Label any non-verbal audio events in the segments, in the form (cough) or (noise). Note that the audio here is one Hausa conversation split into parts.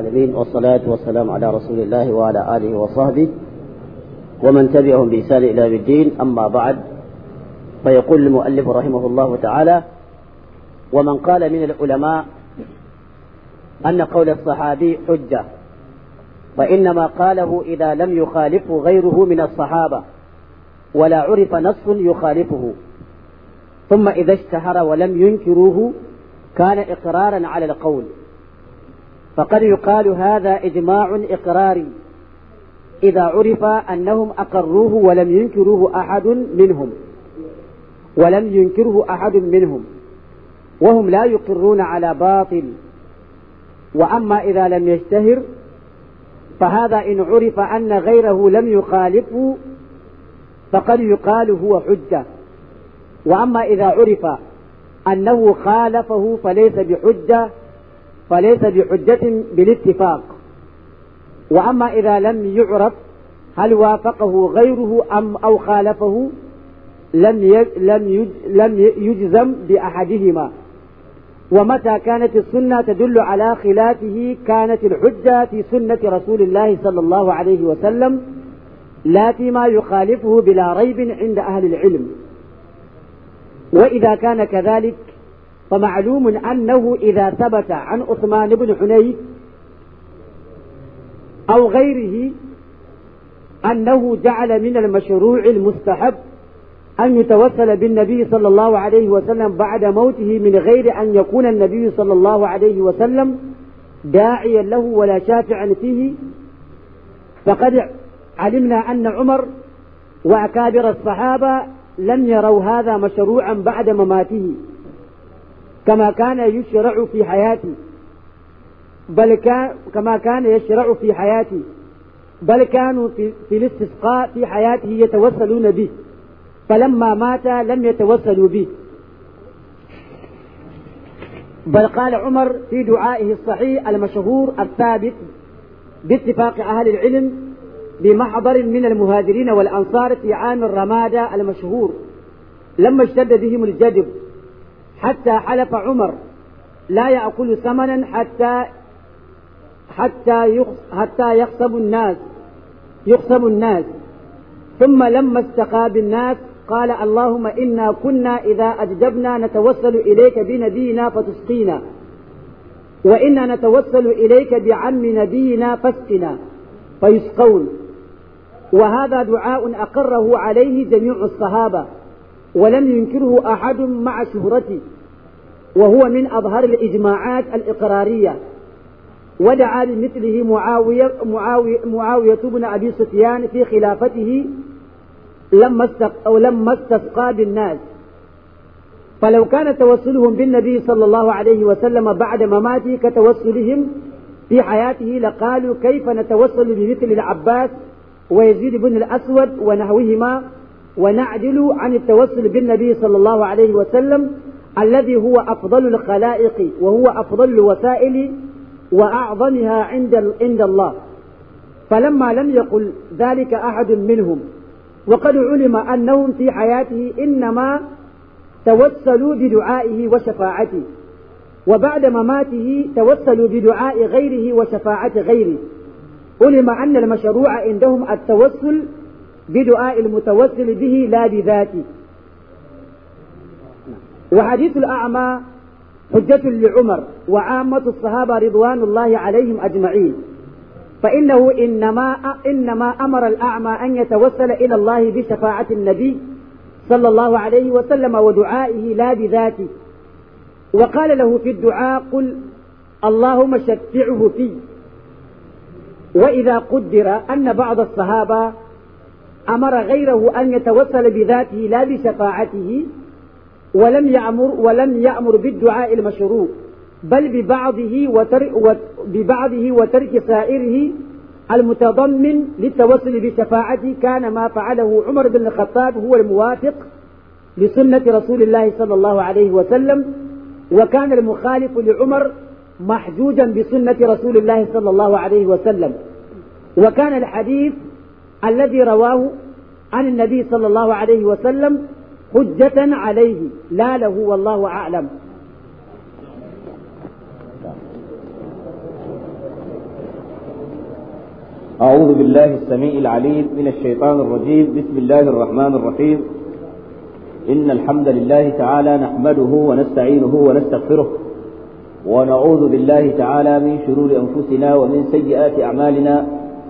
العالمين والصلاة والسلام على رسول الله وعلى آله وصحبه ومن تبعهم بإحسان إلى الدين أما بعد فيقول المؤلف رحمه الله تعالى ومن قال من العلماء أن قول الصحابي حجة فإنما قاله إذا لم يخالفه غيره من الصحابة ولا عرف نص يخالفه ثم إذا اشتهر ولم ينكروه كان إقرارا على القول فقد يقال هذا إجماع إقراري إذا عرف أنهم أقروه ولم ينكروه أحد منهم ولم ينكره أحد منهم وهم لا يقرون على باطل وأما إذا لم يشتهر فهذا إن عرف أن غيره لم يخالفه فقد يقال هو حجة وأما إذا عرف أنه خالفه فليس بحجة فليس بحجة بالاتفاق وأما إذا لم يعرف هل وافقه غيره أم أو خالفه لم لم لم يجزم بأحدهما ومتى كانت السنة تدل على خلافه كانت الحجة في سنة رسول الله صلى الله عليه وسلم لا فيما يخالفه بلا ريب عند أهل العلم وإذا كان كذلك فمعلوم أنه إذا ثبت عن عثمان بن حنيف أو غيره أنه جعل من المشروع المستحب أن يتوسل بالنبي صلى الله عليه وسلم بعد موته من غير أن يكون النبي صلى الله عليه وسلم داعيا له ولا شافعا فيه فقد علمنا أن عمر وأكابر الصحابة لم يروا هذا مشروعا بعد مماته كما كان يشرع في حياتي بل كان كما كان يشرع في حياتي بل كانوا في, في الاستسقاء في حياته يتوسلون به فلما مات لم يتوسلوا به بل قال عمر في دعائه الصحيح المشهور الثابت باتفاق أهل العلم بمحضر من المهاجرين والأنصار في عام الرمادة المشهور لما اشتد بهم الجدب حتى حلف عمر لا يأكل ثمنا حتى حتى حتى يخصب الناس يخصب الناس ثم لما استقى بالناس قال اللهم إنا كنا إذا أجدبنا نتوسل إليك بنبينا فتسقينا وإنا نتوسل إليك بعم نبينا فاسقنا فيسقون وهذا دعاء أقره عليه جميع الصحابة ولم ينكره أحد مع شهرته وهو من أظهر الإجماعات الإقرارية ودعا بمثله معاوية, معاوية, معاوية بن أبي سفيان في خلافته لما استق أو لما استسقى بالناس فلو كان توسلهم بالنبي صلى الله عليه وسلم بعد مماته كتوسلهم في حياته لقالوا كيف نتوسل بمثل العباس ويزيد بن الأسود ونحوهما ونعدل عن التوسل بالنبي صلى الله عليه وسلم الذي هو أفضل الخلائق وهو أفضل الوسائل وأعظمها عند عند الله فلما لم يقل ذلك أحد منهم وقد علم أنهم في حياته إنما توسلوا بدعائه وشفاعته وبعد مماته توسلوا بدعاء غيره وشفاعة غيره علم أن المشروع عندهم التوسل بدعاء المتوسل به لا بذاته وحديث الأعمى حجة لعمر وعامة الصحابة رضوان الله عليهم أجمعين فإنه إنما إنما أمر الأعمى أن يتوسل إلى الله بشفاعة النبي صلى الله عليه وسلم ودعائه لا بذاته وقال له في الدعاء قل اللهم شفعه في وإذا قدر أن بعض الصحابة أمر غيره أن يتوسل بذاته لا بشفاعته ولم يأمر ولم يأمر بالدعاء المشروع بل ببعضه وترك ببعضه وترك سائره المتضمن للتوسل بشفاعته كان ما فعله عمر بن الخطاب هو الموافق لسنة رسول الله صلى الله عليه وسلم وكان المخالف لعمر محجوجا بسنة رسول الله صلى الله عليه وسلم وكان الحديث الذي رواه عن النبي صلى الله عليه وسلم حجة عليه لا له والله أعلم أعوذ بالله السميع العليم من الشيطان الرجيم بسم الله الرحمن الرحيم إن الحمد لله تعالى نحمده ونستعينه ونستغفره ونعوذ بالله تعالى من شرور أنفسنا ومن سيئات أعمالنا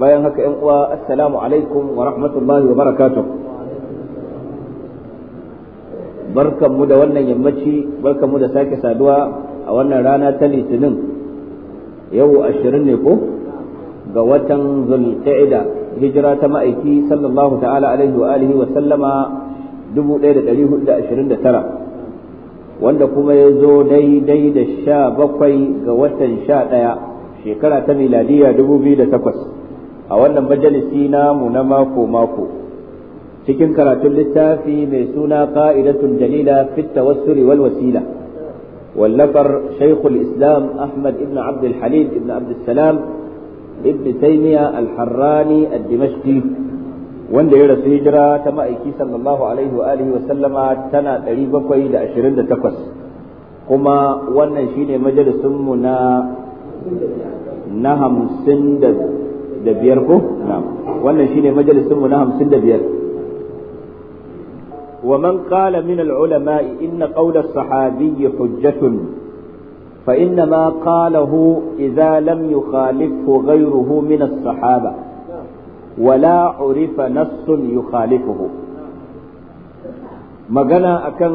bayan haka yan uwa assalamu alaikum wa rahmatullahi wa barakatuh barkanmu da wannan yammaci barkanmu da sake saduwa a wannan rana ta litinin yau ashirin ne ko ga watan zulqa'ida hijira ta ma'aiki sallallahu ta'ala alaihi wa alihi wa sallama 1429 wanda kuma ya zo daidai da sha bakwai ga watan sha ɗaya shekara ta miladiya 2008 a wannan majalisi namu na mako-mako cikin karatun littafi mai suna ka'idatun dalila fit tawassuli wal wasila wallafar shaikhul islam ahmad ibn abdul halil ibn abdul salam ibn taymiya al-harrani al-dimashqi wanda ya rasu hijira ta ma'aiki sallallahu alaihi wa alihi wa sallama tana 728 kuma wannan shine majalisun mu na na hamsin da da biyar ko wannan shine majalisin mu na hamsin da biyar ومن قال من العلماء إن قول الصحابي حجة فإنما قاله إذا لم يخالفه غيره من الصحابة ولا عرف نص يخالفه magana akan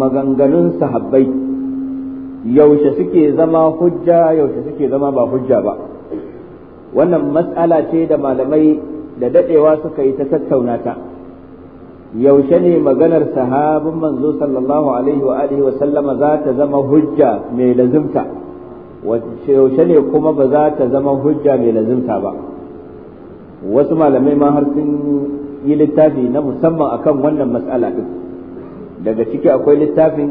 maganganun sahabbai yaushe suke zama hujja yaushe suke zama ba hujja ba wannan matsala ce da malamai da dadewa suka yi ta tattauna ta yaushe ne maganar sahabin manzo sallallahu alaihi wa alihi wa sallama za ta zama hujja mai lazimta yaushe ne kuma ba za ta zama hujja mai lazimta ba wasu malamai ma har sun yi littafi na musamman akan wannan matsala din daga ciki akwai littafin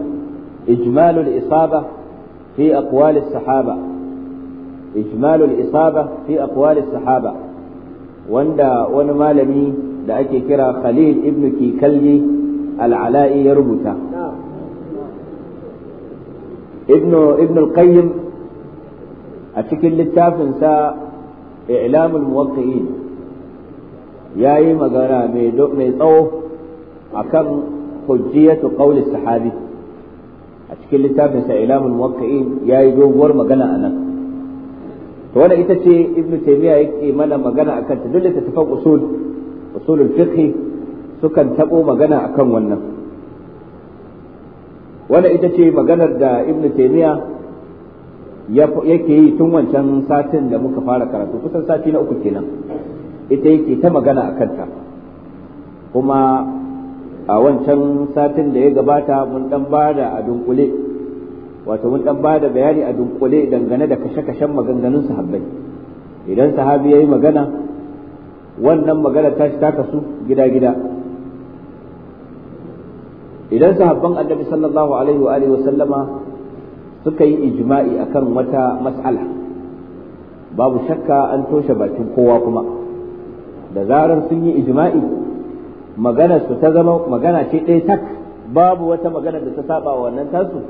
ijmalul isaba fi aqwali sahaba ijmalul isaba fi aqwali sahaba wanda wani malami da ake kira Khalil ibn Kikalli al-Ala'i ya rubuta ibn ibn al-Qayyim a cikin littafin sa I'lamul Muwaqqi'in yayi magana mai mai tsawo kan hujjiyatu qawli sahabi a cikin littafin sa I'lamul Muwaqqi'in yayi doguwar magana a nan. to wannan ita ce ibnu taymiya yake mana magana akan ta dole ta tafan usul usulul fiqh sukan tabo magana akan wannan wannan ita ce maganar da ibnu taymiya yake yi tun wancan satin da muka fara karatu kusan sati na uku kenan ita yake ta magana akan ta kuma a wancan satin da ya gabata mun dan bada a dunkule wato mun dan bada bayani a dunkule dangane da kashe-kashen maganganun sahabbai idan sahabi yayi magana wannan magana ta ta gida-gida idan sahabban annabi sallallahu alaihi wa wa sallama suka yi ijma'i akan wata mas'ala babu shakka an toshe bakin kowa kuma da zarar sun yi ijma'i maganar su ta zama magana ce ɗaya tak babu wata magana da ta saba wa wannan tasu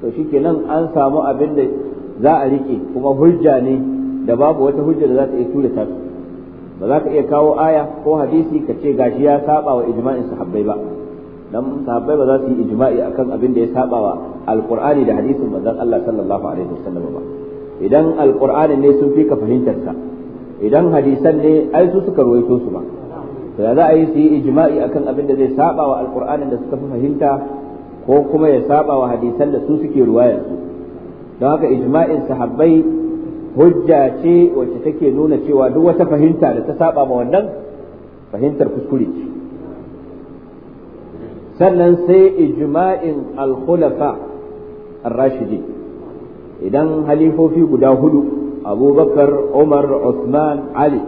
to shikenan an samu abin da za a rike kuma hujja ne da babu wata hujja da za ta iya tura ta ba za ka iya kawo aya ko hadisi ka ce gashi ya saba wa ijma'in sahabbai ba dan sahabbai ba za su yi ijma'i akan abin da ya saba wa alqur'ani da hadisin manzon Allah sallallahu alaihi wasallam ba idan alqur'ani ne sun fi ka fahimtar ka idan hadisan ne ai su suka ruwaito su ba to za a yi su yi ijma'i akan abin da zai saba wa alqur'ani da suka fi fahimta ko kuma ya saba wa hadisan da su suke ruwaya su don haka ijma'in sahabbai hujja ce wacce take nuna cewa duk wata fahimta da ta saba ma wannan fahimtar kuskure ce sannan sai ijma'in al-khulafa ar-rashidi idan halifofi guda hudu abubakar umar usman ali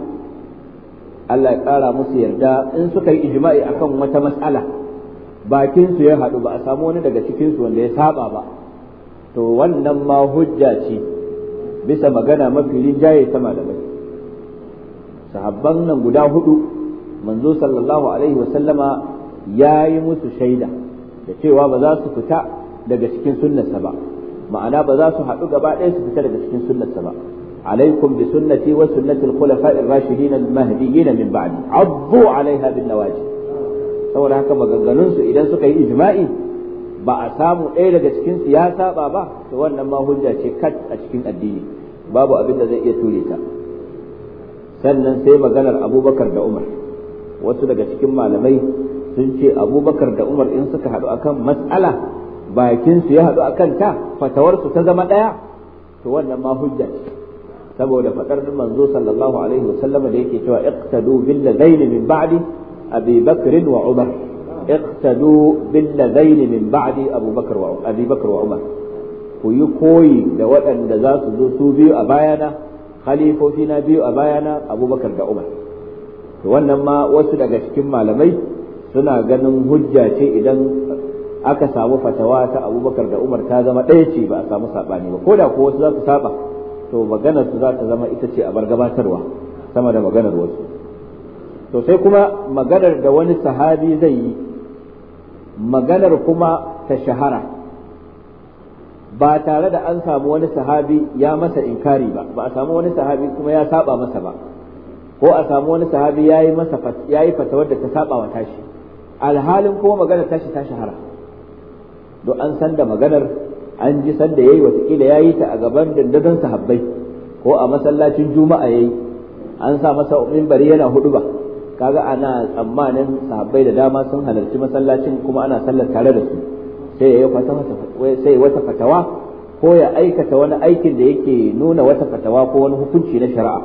Allah ya kara musu yarda in suka yi ijma'i akan wata mas'ala bakin su ya haɗu ba a samu wani daga cikin wanda ya saba ba to wannan ma hujja ce bisa magana mafi rinjaye ta malamai sahabban nan guda hudu manzo sallallahu alaihi wasallama ya yi musu shaida da cewa ba za su fita daga cikin sunnarsa ba ma'ana ba za su haɗu gaba ɗaya su fita daga cikin sunnarsa ba alaikum bi sunnati wa sunnati al-khulafa'i rashidin al-mahdiyyin min ba'di 'addu 'alayha bin nawajib saboda haka maganganunsu idan suka yi ijma'i ba a samu ɗaya daga cikin ya saba ba to wannan ma hujja ce kat a cikin addini babu abin da zai iya ture ta sannan sai maganar abubakar da umar wasu daga cikin malamai sun ce abubakar da umar in suka haɗu akan matsala bakinsu ya haɗu akan ta fatawarsu ta zama ɗaya to wannan ma hujja ce saboda faɗar manzo sallallahu alaihi wasallama da yake cewa iqtadu bil ladaini min ba'di أبي بكر وعمر اقتدوا بالذين من بعد أبو بكر وعمر أبي بكر وعمر ويكوي دوات أن دزاس زوسو بيو خليفة Abubakar بيو أبايانا أبو بكر وعمر وانما وسد أجاشكم malamai suna ganin hujja ce idan aka samu fatawa ta abubakar da umar ta zama ɗaya ce ba a samu saɓani ba ko da ko wasu za su saba to maganar su za ta zama ita ce a bar gabatarwa sama da maganar wasu to sai kuma maganar da wani sahabi zai yi maganar kuma ta shahara ba tare da an samu wani sahabi ya masa inkari ba ba a samu wani sahabi kuma ya saba masa ba ko a samu wani sahabi ya yi masa ya fatawar da ta saba wa tashi alhalin kuma maganar tashi ta shahara don an san da maganar an ji san da yayi watakila ya yi ta a gaban dandadan sahabbai ko a masallacin juma'a yayi an sa masa bari yana hudu ba kaga ana tsammanin sabbai da dama sun halarci masallacin kuma ana sallar tare da su sai ya sai wata fatawa ko ya aikata wani aikin da yake nuna wata fatawa ko wani hukunci na shari'a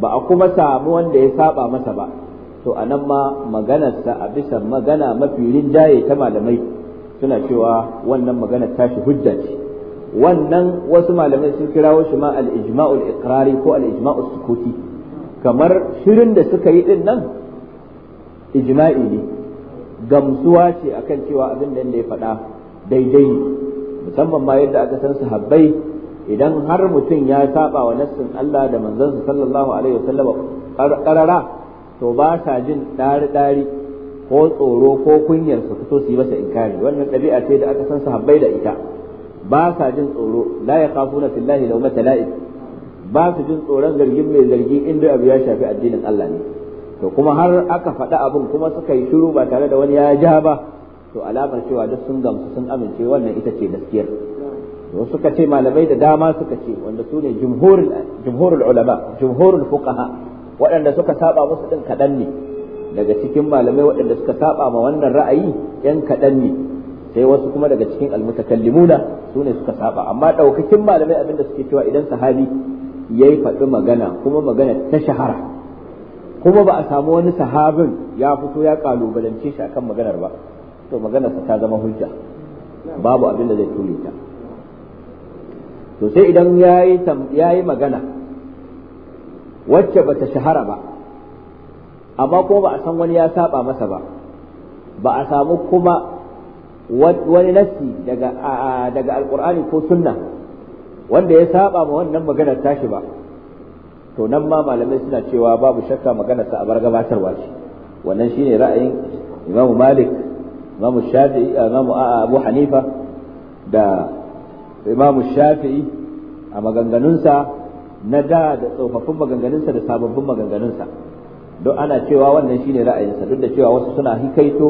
ba a kuma samu wanda ya saba masa ba to a nan ma maganarsa a bisa magana mafi rinjaye ta malamai suna cewa wannan magana tashi hujja ce wannan wasu malamai sun kirawo shi ma al-ijma'ul iqrari ko al-ijma'us sukuti kamar shirin da suka yi din nan ijma'i ne gamsuwa ce akan cewa abin da ya faɗa daidai ne musamman ma yadda aka san sahabbai idan har mutum ya saba wa nassin Allah da manzansa sallallahu alaihi wasallam qarara to ba sa jin dari dari ko tsoro ko kunyar su fito su yi masa inkari wannan ɗabi'a ce da aka san sahabbai da ita ba sa jin tsoro la yakhafuna fillahi lawmata la'ib ba su jin tsoron zargin mai zargi inda abu ya shafi addinin Allah ne to kuma har aka faɗi abin kuma suka yi shiru ba tare da wani ya ja ba to alamar cewa duk sun gamsu sun amince wannan ita ce gaskiyar to suka ce malamai da dama suka ce wanda su ne jumhurul ulama jumhurul fuqaha waɗanda suka saba musu din kaɗan ne daga cikin malamai waɗanda suka saba ma wannan ra'ayi yan kaɗan ne sai wasu kuma daga cikin almutakallimuna su ne suka saba amma ɗaukakin malamai abinda suke cewa idan sahabi yayi faɗi magana kuma magana ta shahara kuma ba a samu wani sahabin ya fito ya kalubalance shi akan maganar ba to maganarsa ta zama hujja babu abin da zai ture ta to sai idan ya yi magana wacce ba ta shahara ba amma ko ba a san wani ya saba masa ba ba a samu kuma wani nassi daga Alƙur'ani ko sunna wanda ya saba ma wannan maganar tashi ba to nan ma malamai suna cewa babu shakka magana sa a bar gabatarwa ce wannan shine ra'ayin Imam Malik Imam Shafi'i Imam Abu Hanifa da Imam Shafi'i a maganganunsa na da da tsofaffin maganganunsa da sababbin maganganunsa don ana cewa wannan shine sa, duk da cewa wasu suna hikaito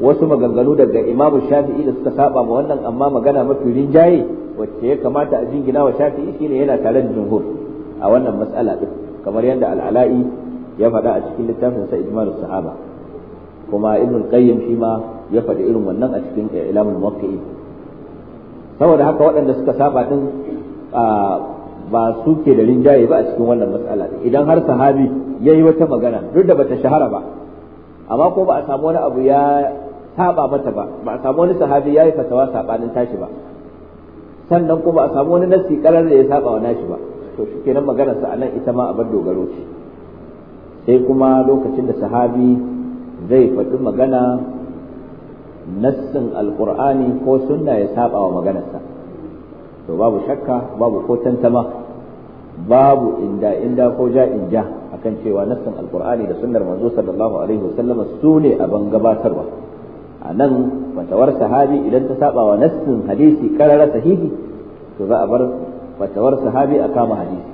wasu maganganu daga Imam Shafi'i da suka saba ma wannan amma magana mafi rinjaye wacce ya kamata a jingina wa Shafi'i shine yana tare da jumhur a wannan matsala din kamar yadda al'ala'i ya faɗa a cikin littafin sa ijmalu sahaba kuma ibn qayyim shi ma ya faɗi irin wannan a cikin ilamul muwaqqi'in saboda haka waɗanda suka saba din ba su ke da rinjaye ba a cikin wannan matsala din idan har sahabi yayi wata magana duk da bata shahara ba amma ko ba a samu wani abu ya saba mata ba ba a samu wani sahabi yayi fatawa sabanin tashi ba sannan ko ba a samu wani nassi karar da ya saba wa nashi ba to shi kenan maganarsa a nan ita ma abar dogaro ce sai kuma lokacin da sahabi zai faɗi magana nassin alkur'ani ko sunna ya saba wa maganarsa to babu shakka babu ko tantama babu inda inda ko ja inja akan cewa nassin alkur'ani da sunnar manzo sallallahu alaihi wasallama su ne abin gabatarwa a nan fatawar sahabi idan ta saba wa nassin hadisi karara sahihi to za a bar fatawar sahabi a kama hadisi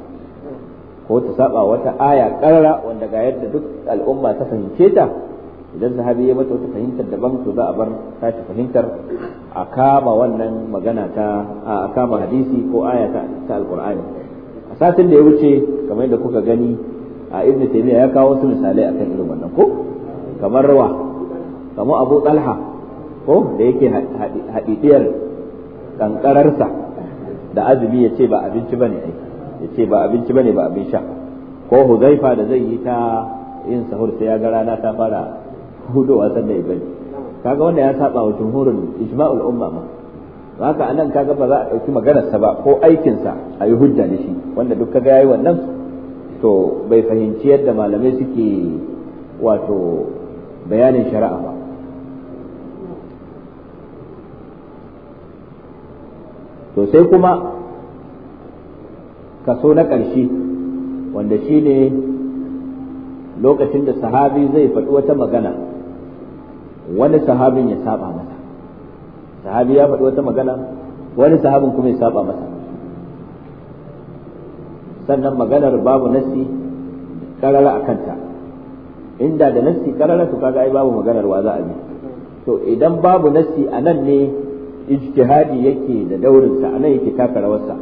ko ta saba wata aya karara wanda ga yadda duk al'umma ta fahimce ta idan sahabi ya mata wata fahimtar daban to za a bar tashi fahimtar a kama wannan magana ta a kama hadisi ko aya ta alkur'ani a satin da ya wuce kamar yadda kuka gani a ibnu taymiya ya kawo wasu misalai akan irin wannan ko kamar rawa kamar abu talha ko da yake hadidiyar kankararsa da azumi ya ce ba abinci bane ai ya ce ba abinci bane ba abin sha ko huzaifa da zai yi ta yin sahur sai ya ga rana ta fara hudu sannan ya kaga wanda ya saba wa jumhurin ijma'ul umma ma haka anan kaga ba za a ɗauki maganar sa ba ko aikin sa a yi hujja da shi wanda duk kaga yayi wannan to bai fahimci yadda malamai suke wato bayanin shari'a ba to sai kuma kaso na ƙarshe wanda shi ne lokacin da sahabi zai faɗi wata magana wani sahabin ya saba masa sahabi ya faɗi wata magana wani sahabin kuma ya saba masa sannan maganar babu nassi karara a kanta inda da nassi karara to kaga ai babu maganar wa za a bi to idan babu nassi a nan ne ijtihadi yake da daurinsa a nan yake taka rawarsa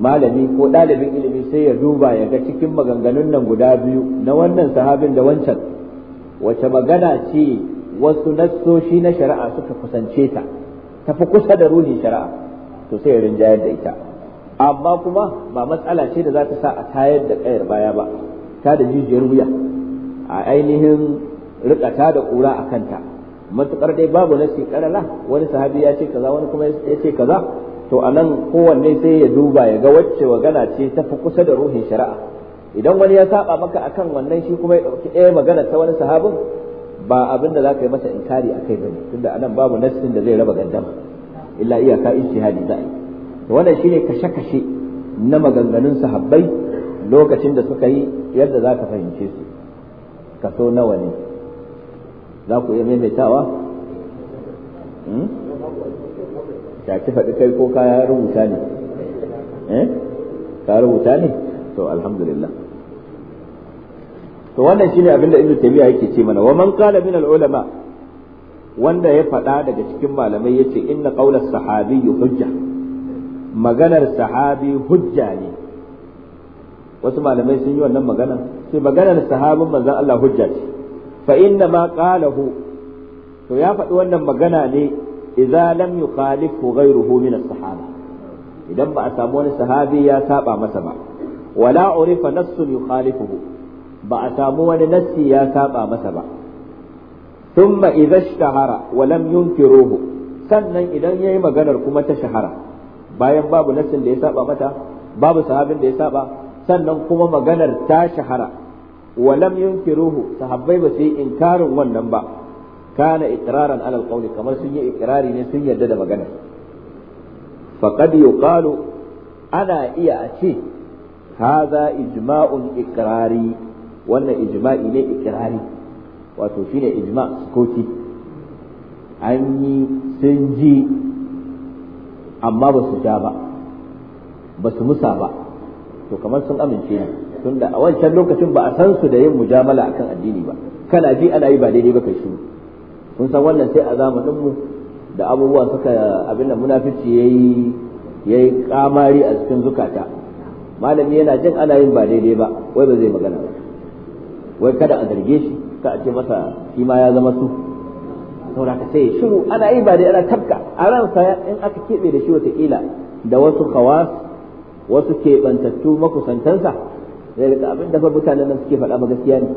malami ko ɗalibin ilimi sai ya duba ya ga cikin maganganun nan guda biyu na wannan sahabin da wancan wace magana ce wasu nassoshi na shari'a suka kusance ta tafi kusa da ruhin shari'a to sai ya rinjayar da ita amma kuma ba matsala ce da za ta sa a tayar da kayar baya ba ta da jijiyar wuya a ainihin rikata da ƙura a kanta matuƙar dai babu nasi karala wani sahabi ya ce kaza wani kuma ya ce kaza to a nan kowanne sai ya duba ya ga wacce magana ce ta fi kusa da ruhin shari'a idan wani ya saba maka akan wannan shi kuma ya ɗauki ɗaya magana ta wani sahabin ba abin da za ka yi masa inkari a kai bane tunda a nan babu nassin da zai raba gandama illa iyaka ijtihadi za a yi to wannan shine kashe-kashe na maganganun sahabbai lokacin da suka yi yadda za ka fahimce su kaso nawa ne za ku iya maimaitawa ta hmm? ci faɗi kai ko ka rubuta ne eh? ka rubuta ne to alhamdulillah to wannan shine abin da ibnu taymiya yake ce mana wa man qala min ulama wanda ya faɗa daga cikin malamai yace inna qawla sahabi hujja maganar sahabi hujja ne wasu malamai sun yi wannan magana sai maganar sahabin manzon Allah hujja ce fainna inna ma to ya faɗi wannan magana ne idza lam yukhalifu ghayruhu min as-sahaba idan ba a samu wani sahabi ya saba masa ba wala urifa nassun yukhalifuhu ba a samu wani nassi ya saba masa ba ma idza shahara walam lam yunkiruhu sannan idan yayi maganar kuma ta shahara bayan babu nassin da ya saba mata babu sahabin da ya saba sannan kuma maganar ta shahara wa lam yunkiruhu sahabbai ba su yi inkarin wannan ba kana iqraran ala alqawli kamar sun yi iqrari sun yarda da magana faqad yuqalu ana iya a ce hadha ijma'un iqrari wannan ijma'i ne iqrari wato shine ijma' sukoti an yi amma ba su ba musa ba to kamar sun amince ne tunda a wancan lokacin ba a san su da yin mujamala akan addini ba kana ji ana yi ba daidai ba kai shi kun san wannan sai a zamanin mu da abubuwan suka abin da munafici yayi yayi kamari a cikin zukata malami yana jin ana yin ba daidai ba wai ba zai magana ba wai kada a zarge shi ka ce masa shi ya zama su saboda ka sai shiru ana yi ba daidai ana tabka a ransa in aka keɓe da shi watakila da wasu kawas wasu keɓantattu makusantansa zai rika abin da mutanen nan suke faɗa ba gaskiya ne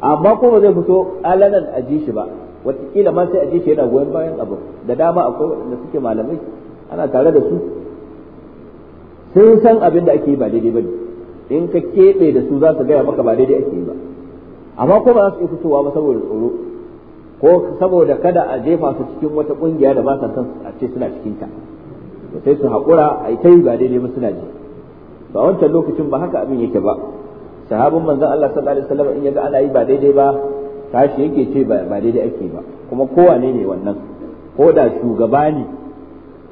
amma ko ba zai fito alanan a ji shi ba wataƙila ma sai a ji shi yana goyon bayan abu da dama akwai waɗanda suke malamai ana tare da su sun san abin da ake yi ba daidai ba ne in ka keɓe da su za su gaya maka ba daidai ake yi ba amma ko ba za su iya fitowa ba saboda tsoro ko saboda kada a jefa su cikin wata ƙungiya da ba sa san a ce suna cikinta sai su haƙura a yi ta yi ba daidai ba suna ji ba wancan lokacin ba haka abin yake ba sahabin manzon Allah sallallahu alaihi wasallam in yaga ana yi ba daidai ba tashi yake ce ba daidai ake ba kuma kowane ne wannan ko da shugaba ne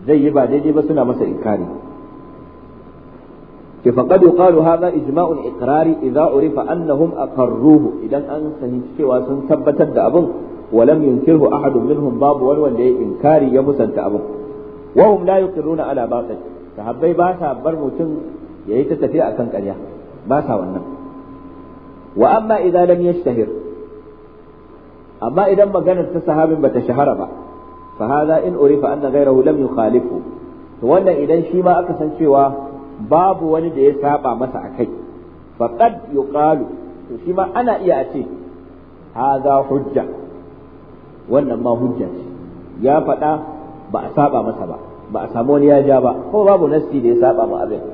zai yi ba daidai ba suna masa inkari ke faqad yuqalu hadha ijma'un iqrari idza urifa annahum aqarruhu idan an fahimci cewa sun tabbatar da abin walam yunkirhu ahadun minhum babu wani wanda ya inkari ya musanta abun wa hum la yuqirruna ala sahabbai ba bar mutum yayi ta tafiya akan ƙarya ba sa wannan wa amma idan lam yashtahir amma idan maganar ta sahabin bata shahara ba fa hadha in urifa anna ghayrahu lam yukhalifu to wannan idan shi ma aka san cewa babu wani da ya saba masa akai faqad yuqalu to shi ma ana iya a ce hadha hujja wannan ma hujja ce ya faɗa ba a saba masa ba ba a samu wani ya ja ba ko babu nasti da ya saba ma abin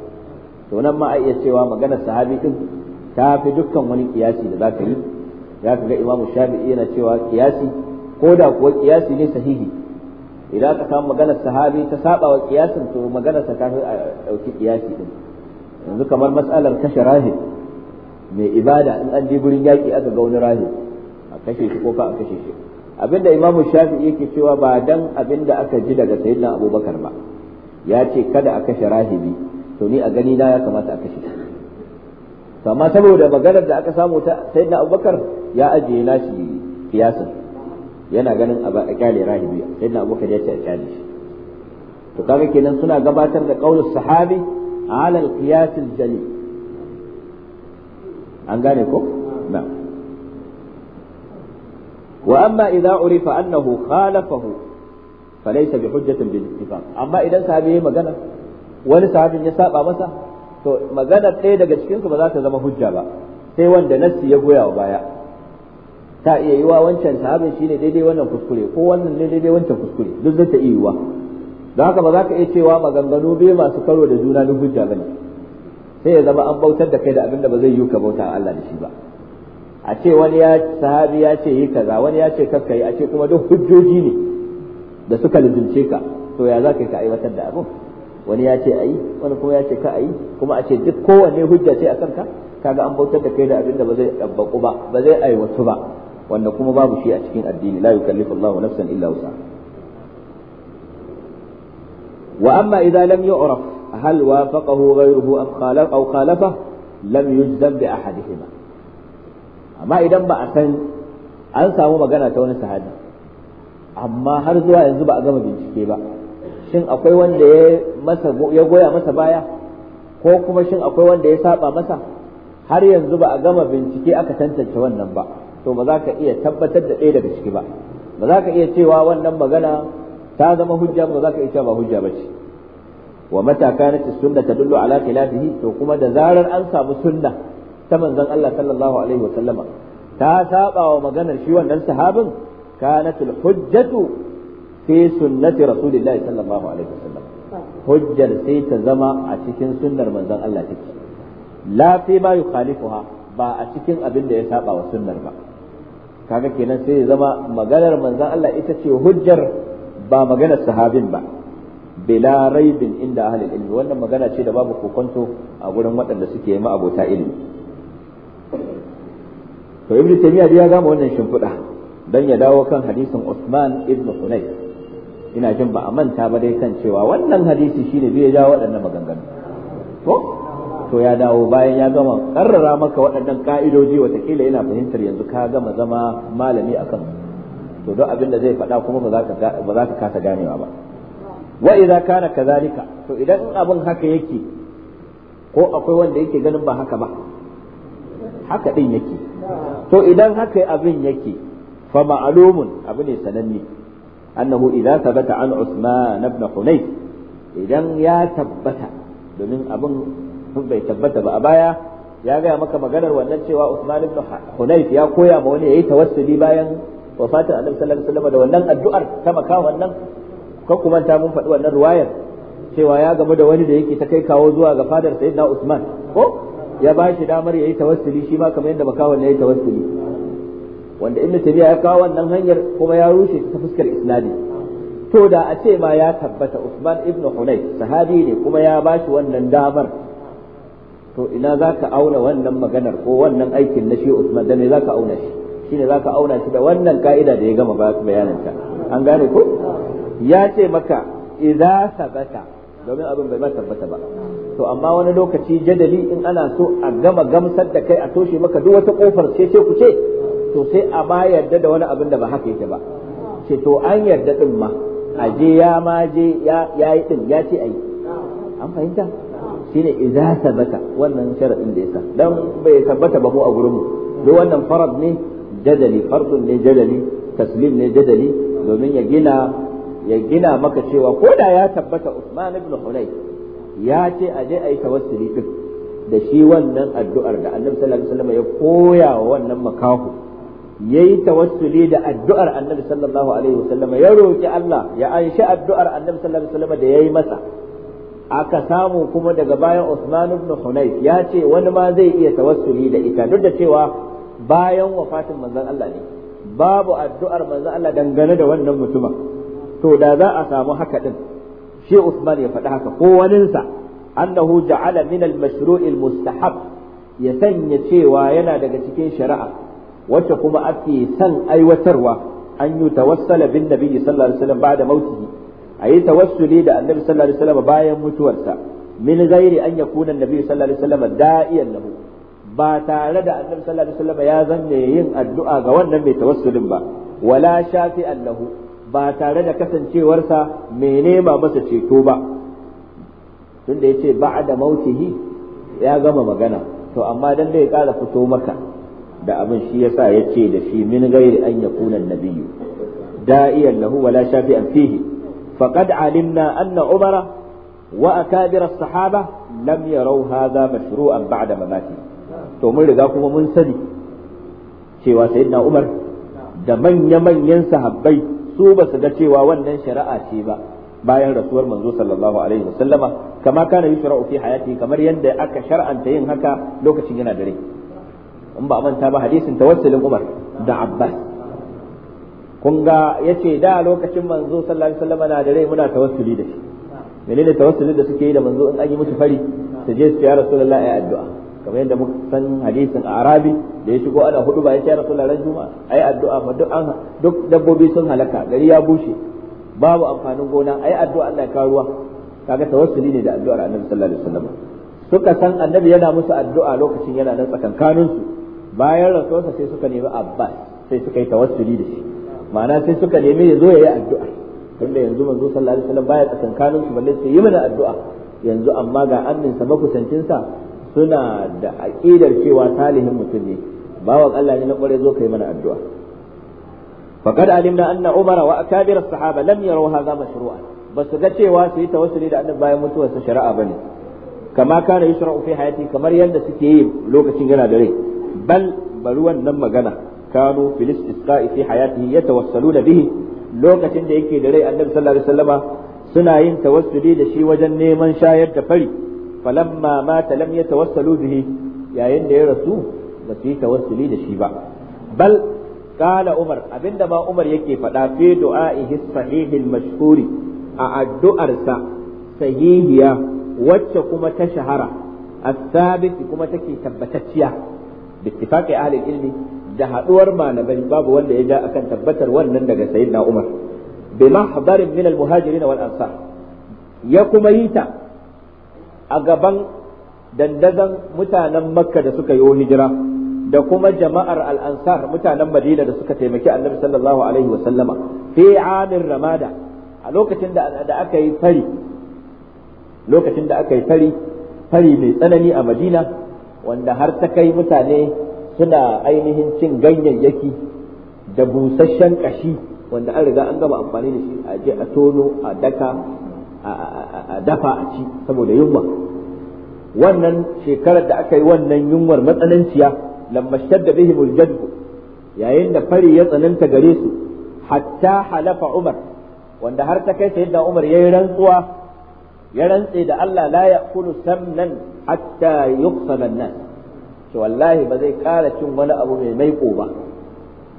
to nan ma a iya cewa maganar sahabi din ta fi dukkan wani kiyasi da zaka yi ya ga imamu shafi'i yana cewa kiyasi ko da kuwa kiyasi ne sahihi idan ka samu maganar sahabi ta saba wa kiyasin to maganar sa ta fi dauki kiyasi din yanzu kamar mas'alar kashe rahib mai ibada in an je gurin yaki aka ga wani rahib a kashe shi ko ka a kashe shi abinda imamu shafi'i yake cewa ba dan abinda aka ji daga sayyidina abubakar ba ya ce kada a kashe rahibi to ni a gani na ya kamata a kashe shi to amma saboda maganar da aka samu ta sayyidina abubakar ya ajiye nashi kiyasin yana ganin a kyale rahibi sayyidina abubakar ya ce a kyale shi to kaga kenan suna gabatar da qaulus sahabi ala al-qiyas al-jali an gane ko na'am وأما إذا عرف أنه خالفه فليس بحجة بالاتفاق أما إذا سابه مجنة wani sahabin ya saba masa to magana ɗaya daga cikinsu ba za ta zama hujja ba sai wanda nassi ya goya wa baya ta iya yiwa wancan sahabin shine daidai wannan kuskure ko wannan ne daidai wancan kuskure duk zai ta iya yiwa don haka ba za ka iya cewa maganganu biyu masu karo da juna duk hujja bane sai ya zama an bautar da kai da abinda ba zai yi ka bauta a Allah da shi ba a ce wani ya sahabi ya ce yi kaza wani ya ce kakka yi a ce kuma duk hujjoji ne da suka lizince ka to ya za ka yi ka aiwatar da abin wani ya ce ayi wani kuma ya ce ka ayi kuma a ce duk kowanne hujja ce a kanka kaga an bautar da kai da abin da ba zai dabbaku ba ba zai aiwatu ba wanda kuma babu shi a cikin addini la yukallifu Allahu nafsan illa wusa wa amma idza lam yu'raf hal wafaqahu ghayruhu am khalafa aw khalafa lam yujzam bi ahadihima amma idan ba a san an samu magana ta wani sahabi amma har zuwa yanzu ba a gama bincike ba shin akwai wanda ya masa ya goya masa baya ko kuma shin akwai wanda ya saba masa har yanzu ba a gama bincike aka tantance wannan ba to ba za ka iya tabbatar da ɗaya daga ciki ba ba za ka iya cewa wannan magana ta zama hujja ba za ka iya cewa ba hujja ba ce wa mata ta sunna tadullu ala khilafihi to kuma da zarar an samu sunna ta manzon Allah sallallahu alaihi wa sallama ta saba wa maganar shi wannan sahabin kanatul hujjatu fi sunnati rasulillahi sallallahu alaihi wasallam hujjar sai ta zama a cikin sunnar manzon Allah take la fi ma yukhalifuha ba a cikin abin da ya saba wa sunnar ba kaga kenan sai ya zama maganar manzon Allah ita ce hujjar ba maganar sahabin ba bila raibin inda ahlul ilmi wannan magana ce da babu kokonto a wurin waɗanda suke ma abota ilimi to ibnu taymiya ya gama wannan shimfiɗa don ya dawo kan hadisin Usman ibn Hunayf ina jin ba a manta ba dai kan cewa wannan hadisi shine bai jawo waɗannan maganganu to to ya dawo bayan ya gama karrara maka waɗannan ka'idoji watakila yana fahimtar yanzu ka gama zama malami akan to don abin da zai faɗa kuma ba za ka kasa ganewa ba wa idza kana kazalika to idan abin haka yake ko akwai wanda yake ganin ba haka ba haka din yake to idan haka abin yake fa ma'lumun abu ne sananni. annahu idza thabata an usman ibn hunayf idan ya tabbata domin abin bai tabbata ba a baya ya gaya maka maganar wannan cewa usman ibn hunayf ya koya ma wani yayi tawassuli bayan wafatin annabi sallallahu alaihi wasallam da wannan addu'ar ta maka wannan ka kuma ta mun faɗi wannan riwayar cewa ya gamu da wani da yake ta kai kawo zuwa ga fadar sayyidina usman ko ya ba shi damar yayi tawassuli shi ma kamar yadda makawan yayi tawassuli wanda ibnu tabiya ya kawo wannan hanyar kuma ya rushe ta fuskar isnadi to da a ce ma ya tabbata Usman ibn hunay sahabi ne kuma ya bashi wannan damar to ina zaka auna wannan maganar ko wannan aikin na shi Usman da me zaka auna shi shine zaka auna shi da wannan ka'ida da ya gama bayanan ta an gane ko ya ce maka idza sabata domin abin bai ma tabbata ba to amma wani lokaci jadali in ana so a gama gamsar da kai a toshe maka duk wata kofar ce ce ku ce to sai a ba yarda da wani abin da ba haka yake ba ce to an yarda din ma a je ya ma je ya yi din ya ce ai an fahimta shine idza sabata wannan sharadin da yasa dan bai tabbata ba ko a gurin mu duk wannan farad ne jadali fardun ne jadali taslim ne jadali domin ya gina ya gina maka cewa ko da ya tabbata Usman ibn Hulay ya ce a je ayi tawassuli din da shi wannan addu'ar da Annabi sallallahu alaihi wasallam ya koya wa wannan makahu yayi tawassuli da addu'ar annabi sallallahu alaihi wasallam ya roki Allah ya anshi addu'ar annabi sallallahu alaihi wasallam da yi masa aka samu kuma daga bayan Usman ibn Hunayf ya ce wani ma zai iya tawassuli da ita duk da cewa bayan wafatin manzon Allah ne babu addu'ar manzon Allah dangane da wannan mutumin to da za a samu haka din shi Usman ya faɗi haka ko waninsa annahu ja'ala min al-mashru'il mustahab ya sanya cewa yana daga cikin shari'a wacce kuma ake son aiwatarwa an yi tawassala bin nabi sallallahu alaihi wasallam ba'da mautihi ayi tawassuli da annabi sallallahu alaihi wasallam bayan mutuwarsa min ghairi an yakuna annabi sallallahu alaihi wasallam da'iyan lahu ba tare da annabi sallallahu alaihi wasallam ya zanne yin addu'a ga wannan mai tawassulin ba wala shafi allahu ba tare da kasancewarsa mai nema masa ceto ba tunda yace ba'da mautihi ya gama magana to amma dan dai ya kara fito maka da abin shi yasa ce da shi min ghairi an yakuna an-nabiyyu da'iyan lahu wa la shafi'an fihi faqad alimna anna umara wa akabir as-sahaba lam yaraw hadha mashru'an ba'da mamati to mun riga kuma mun sani cewa sayyidina umar da manya-manyan sahabbai su ba su ga cewa wannan shari'a ce ba bayan rasuwar manzo sallallahu alaihi wasallama kama kana yushra'u fi hayati kamar yadda aka shar'anta yin haka lokacin yana dare in ba manta ba hadisin tawassulin Umar da Abbas kun ga yace da lokacin manzo sallallahu alaihi wasallam na da rai muna tawassuli da shi menene tawassulin da suke yi da manzo in an yi musu fari su je su ya rasulullahi ayi addu'a kamar yadda muka san hadisin arabi da ya shigo ana hudu ba ya ce rasulullahi ran juma'a ai addu'a fa duk an duk dabbobi sun halaka gari ya bushe babu amfanin gona ayi addu'a Allah ya kawo ruwa kaga tawassuli ne da addu'ar annabi sallallahu alaihi wasallam suka san annabi yana musu addu'a lokacin yana nan tsakankaninsu bayan rasuwarsa sai suka nemi abbas sai suka yi tawassuli da shi ma'ana sai suka nemi ya zo ya yi addu'a tunda yanzu manzo sallallahu alaihi wasallam baya tsakankanin su balle sai yi mana addu'a yanzu amma ga aminsa makusancinsa suna da aqidar cewa salihin mutum ne bawan Allah ne na kware zo kai mana addu'a faqad alimna anna umara wa akabir as-sahaba lam yaraw hadha mashru'a basu ga cewa su yi tawassuli da annin bayan mutuwarsa shari'a bane kama kana yushra'u fi hayati kamar yadda suke yi lokacin yana da rai bal ba ruwan nan magana kanu filis isqa'i fi hayatihi da bihi lokacin da yake da rai annabi sallallahu alaihi wasallama suna yin tawassuli da shi wajen neman shayar da fari falamma ya lam yatawassalu bihi yayin da ya rasu ba su yi tawassuli da shi ba bal qala umar abinda ma umar yake faɗa fi du'a'ihi sahihil mashhuri a addu'arsa sahihiya wacce kuma ta shahara as kuma take tabbatacciya bittifaqi ahli ilimi da haduwar malamai babu wanda ya ja akan tabbatar wannan daga sayyidina Umar bi mahdarin min al-muhajirin wal ansar ya kuma yi ta a gaban dandazan mutanen Makka da suka yi hijira da kuma jama'ar al'ansar mutanen Madina da suka taimaki Annabi sallallahu alaihi wa sallama fi amin ramada a lokacin da aka yi fari fari mai tsanani a Madina wanda har ta kai mutane suna ainihin cin ganyayyaki da busasshen kashi wanda an riga an gama amfani da shi a je a tono a daka a dafa a ci saboda yunwa wannan shekarar da aka yi wannan yunwar matsananciya lamma da bihi jadbu yayin da fari ya tsananta gare su hatta halafa umar wanda har ta kai sayyidina umar yayi rantsuwa ya rantse da Allah la kulu samnan hatta yuqsala an-nas to wallahi ba zai kara cin wani abu mai maiko ba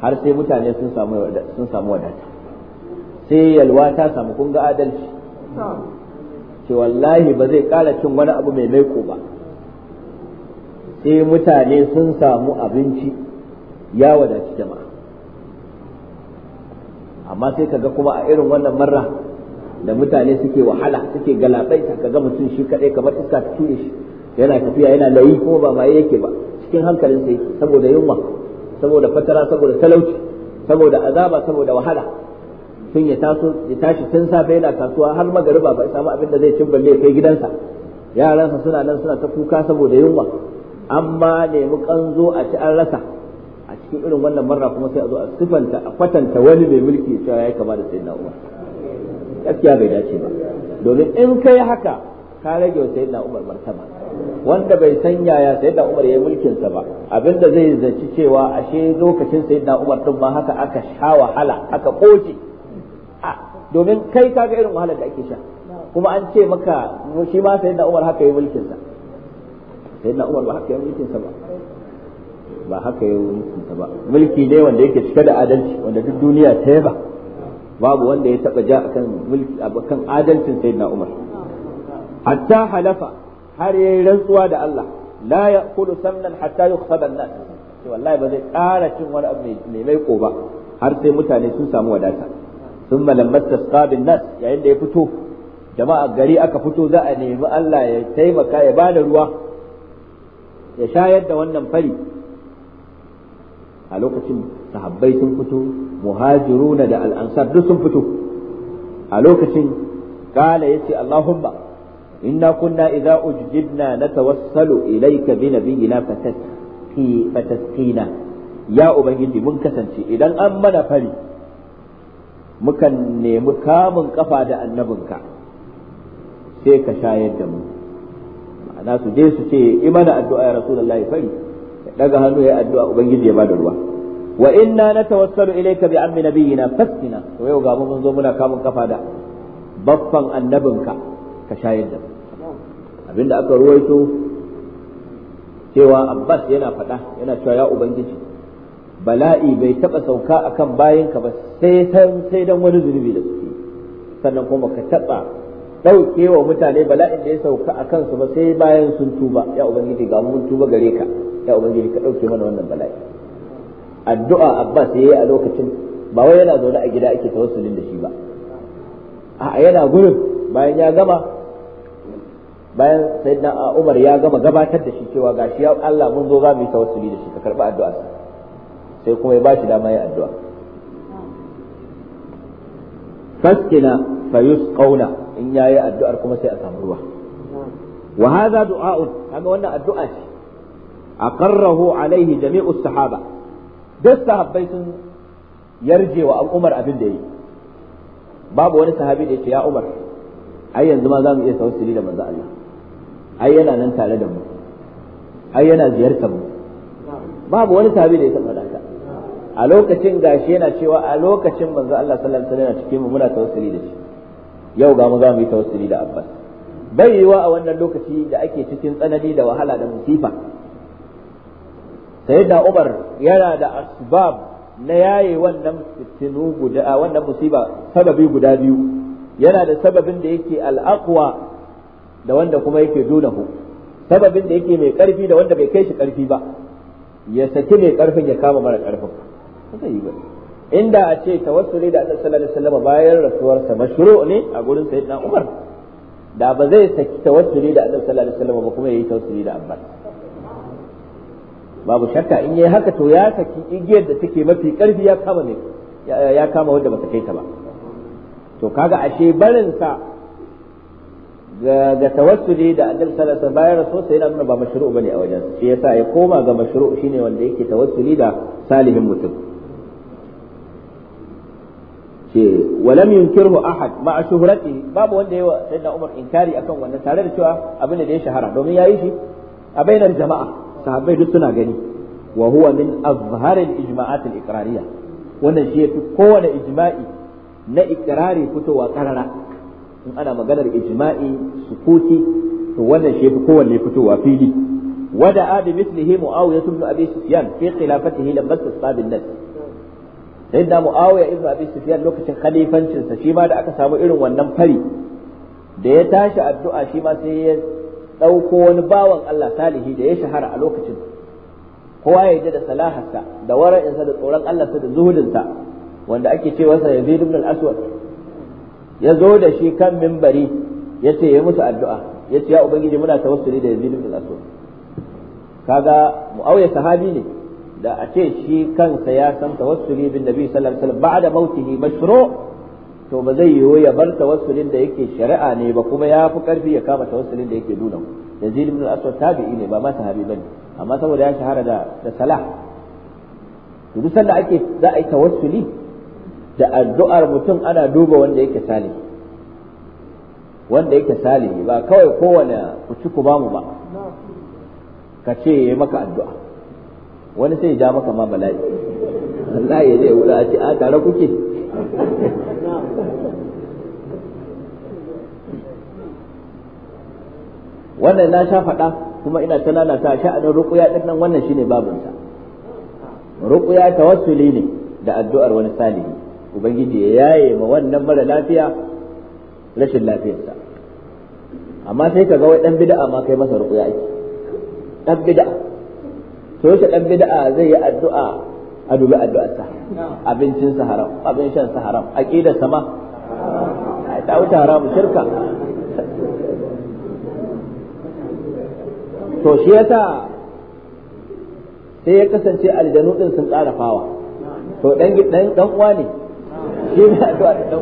har sai mutane sun samu sun samu wadata sai yalwa ta samu kun ga adalci ce wallahi ba zai kara cin wani abu mai maiko ba sai mutane sun samu abinci ya wadaci jama'a amma sai kaga kuma a irin wannan marra da mutane suke wahala suke galabaita kaga mutum shi kadai kamar iska ta shi yana tafiya yana layi kuma ba maye yake ba cikin hankalin yake saboda yunwa saboda fatara saboda talauci saboda azaba saboda wahala tun ya taso ya tashi tun safe yana kasuwa har magariba ba samu abin da zai cin balle kai gidansa yaransa suna nan suna ta kuka saboda yunwa amma nemi kanzo a ci an rasa a cikin irin wannan marra kuma sai a zo a sifanta a kwatanta wani mai mulki cewa ya kama da sayyidina Umar gaskiya bai dace ba domin in kai haka ka rage wa sayyidina Umar martaba wanda bai san yaya sayyidina Umar yayi mulkin sa ba abinda zai zaci cewa ashe lokacin sayyidina Umar din ba haka aka sha wahala aka koje domin kai kaga irin wahalar da ake sha kuma an ce maka shi ma sayyidina Umar haka yayi mulkin sa sayyidina Umar ba haka yayi mulkin sa ba ba haka yayi mulkin sa ba mulki ne wanda yake cike da adalci wanda duk duniya ta yaba babu wanda ya taba ja akan mulki akan adalcin sayyidina Umar hatta halafa har yayi rantsuwa da Allah la ya'kulu samnan hatta yukhsaba an-nas to wallahi ba zai ƙara cin wani abu mai ko ba har sai mutane sun samu wadata sun malammat tasqa nas yayin da ya fito jama'a gari aka fito za a nemi Allah ya taimaka ya bada ruwa ya shayar da wannan fari a lokacin sahabbai sun fito muhajiruna da al'ansar duk sun fito a lokacin kala yace Allahumma inna kunna idza ujjibna natawassalu ilayka bi nabiyyina fatasqi fatasqina ya ubangiji mun kasance idan an mana fari mukan nemi kamun kafa da annabinka sai ka shayar da mu ma'ana su je su ce imana addu'a ya rasulullahi fari daga hannu ya addu'a ubangiji ya bada ruwa wa inna natawassalu ka bi ammi nabiyyina fasina to yau ga mun zo muna kamun kafa da baffan annabinka ka mu abinda aka ruwaito cewa abbas yana faɗa yana cewa ya ubangiji bala'i bai taɓa sauka akan bayanka ba sai san wani zunubi da suke sannan kuma ka taɓa ɗauke wa mutane bala'in da ya sauka a kansu ba sai bayan sun tuba ya ubangiji ga mun tuba gare ka ya ubangiji ka ɗauke mana wannan bala'i addu'a abbas yayi a lokacin ba wai yana zaune a gida ake tawassulin da shi ba a'a yana gurin bayan ya gama bayan da Umar ya gama gabatar da shi cewa gashi ya Allah mun zo za mu yi tawassuli da shi ka karba addu'a sai kuma ya bashi dama ya addu'a faskina fayusqauna in yayi addu'ar kuma sai a samu ruwa wa hadha du'a'u kaga wannan addu'a ce aqarrahu alaihi jami'u sahaba duk sahabbai sun yarje wa Umar abin da yi babu wani sahabi da ya ce ya Umar ai yanzu ma za mu iya tawassuli da manzo Allah ai yana nan tare da mu ai yana ziyartar mu babu wani tabi da ya taba da a lokacin gashi yana cewa a lokacin manzo Allah sallallahu alaihi wasallam cikin mu muna tawassuli da shi yau ga mu za mu yi tawassuli da Abbas bai yiwa a wannan lokaci da ake cikin tsanani da wahala da musifa da Umar yana da asbab na yaye wannan fitinu guda wannan musiba sababi guda biyu yana da sababin da yake al-aqwa da wanda kuma yake dunahu sababin da yake mai ƙarfi da wanda bai kai shi ƙarfi ba ya saki mai ƙarfin ya kama mara ƙarfin zai yi ba inda a ce tawassuli da annabi sallallahu alaihi wasallam bayan rasuwarsa mashru ne a gurin sayyidina Umar da ba zai saki tawassuli da annabi sallallahu alaihi wasallam ba kuma yayi tawassuli da Abbas babu shakka in yayi haka to ya saki igiyar da take mafi karfi ya kama ne ya kama wanda ba ta kai ta ba to kaga ashe barin sa ga tawassuli da annabi sallallahu alaihi wasallam bayan rasul sai nuna ba mashru'u bane a wajen shi yasa ya koma ga mashru'u shine wanda yake tawassuli da salihin mutum ce walam yunkirhu ahad ma shuhrati babu wanda yayi sayyidina Umar inkari akan wannan tare da cewa abin da ya shahara domin yayi shi a bainar jama'a sahabbai duk suna gani wa huwa min azhar al-ijma'at al-iqrariyah wannan shi yafi kowane ijma'i na iqrari fitowa karara in ana maganar ijma'i sukuti to wannan shi kowanne fitowa fili wada adi mithlihi muawiya ibn abi sufyan fi khilafatihi lam sab bin nas sai da muawiya ibn abi sufyan lokacin khalifancin sa shi ma da aka samu irin wannan fari da ya tashi addu'a shi ma sai ya dauko wani bawan Allah salihi da ya shahara a lokacin kowa ya da salaharsa da wara'insa da tsoron Allah da sa wanda ake cewa sa Yazid ibn al-Aswad ya zo da shi kan mimbari ya ce ya musu addu'a ya ce ya ubangiji muna wasu da yazid da aswad kaga muawiya sahabi ne da a ce shi kansa ya san ta wasu ne bin nabi sallallahu alaihi da ba'da mautihi mashru to ba zai yiwu ya bar ta wasu da yake shari'a ne ba kuma ya fi karfi ya kama ta wasu da yake duna yazid bin ta tabi'i ne ba ma sahabi bane amma saboda ya shahara da da salah to sanda ake za a yi tawassuli da addu'ar mutum ana duba wanda yake salihi wanda yake salihi ba kawai kowane ku ci ku bamu ba ka ce ya maka addu'a wani sai ya ja maka ma bala'i Allah ya zai wula a ce a tare kuke wannan na sha faɗa kuma ina ta lalata sha'anin rukuya ɗin nan wannan shine babinsa ta tawassuli ne da addu'ar wani salihi ubangiji ya yaye ma wannan mara lafiya rashin lafiyarsa amma sai ka ga wai dan bid'a ma kai masa ruqya ake dan bid'a to sai dan bid'a zai yi addu'a a dubi addu'arsa abincin sa haram abin shan sa haram aqidar sa ma ta wuce haramu shirka to shi yasa sai ya kasance aljanu din sun ƙara fawa to dan dan uwa ne shi ne addu'a da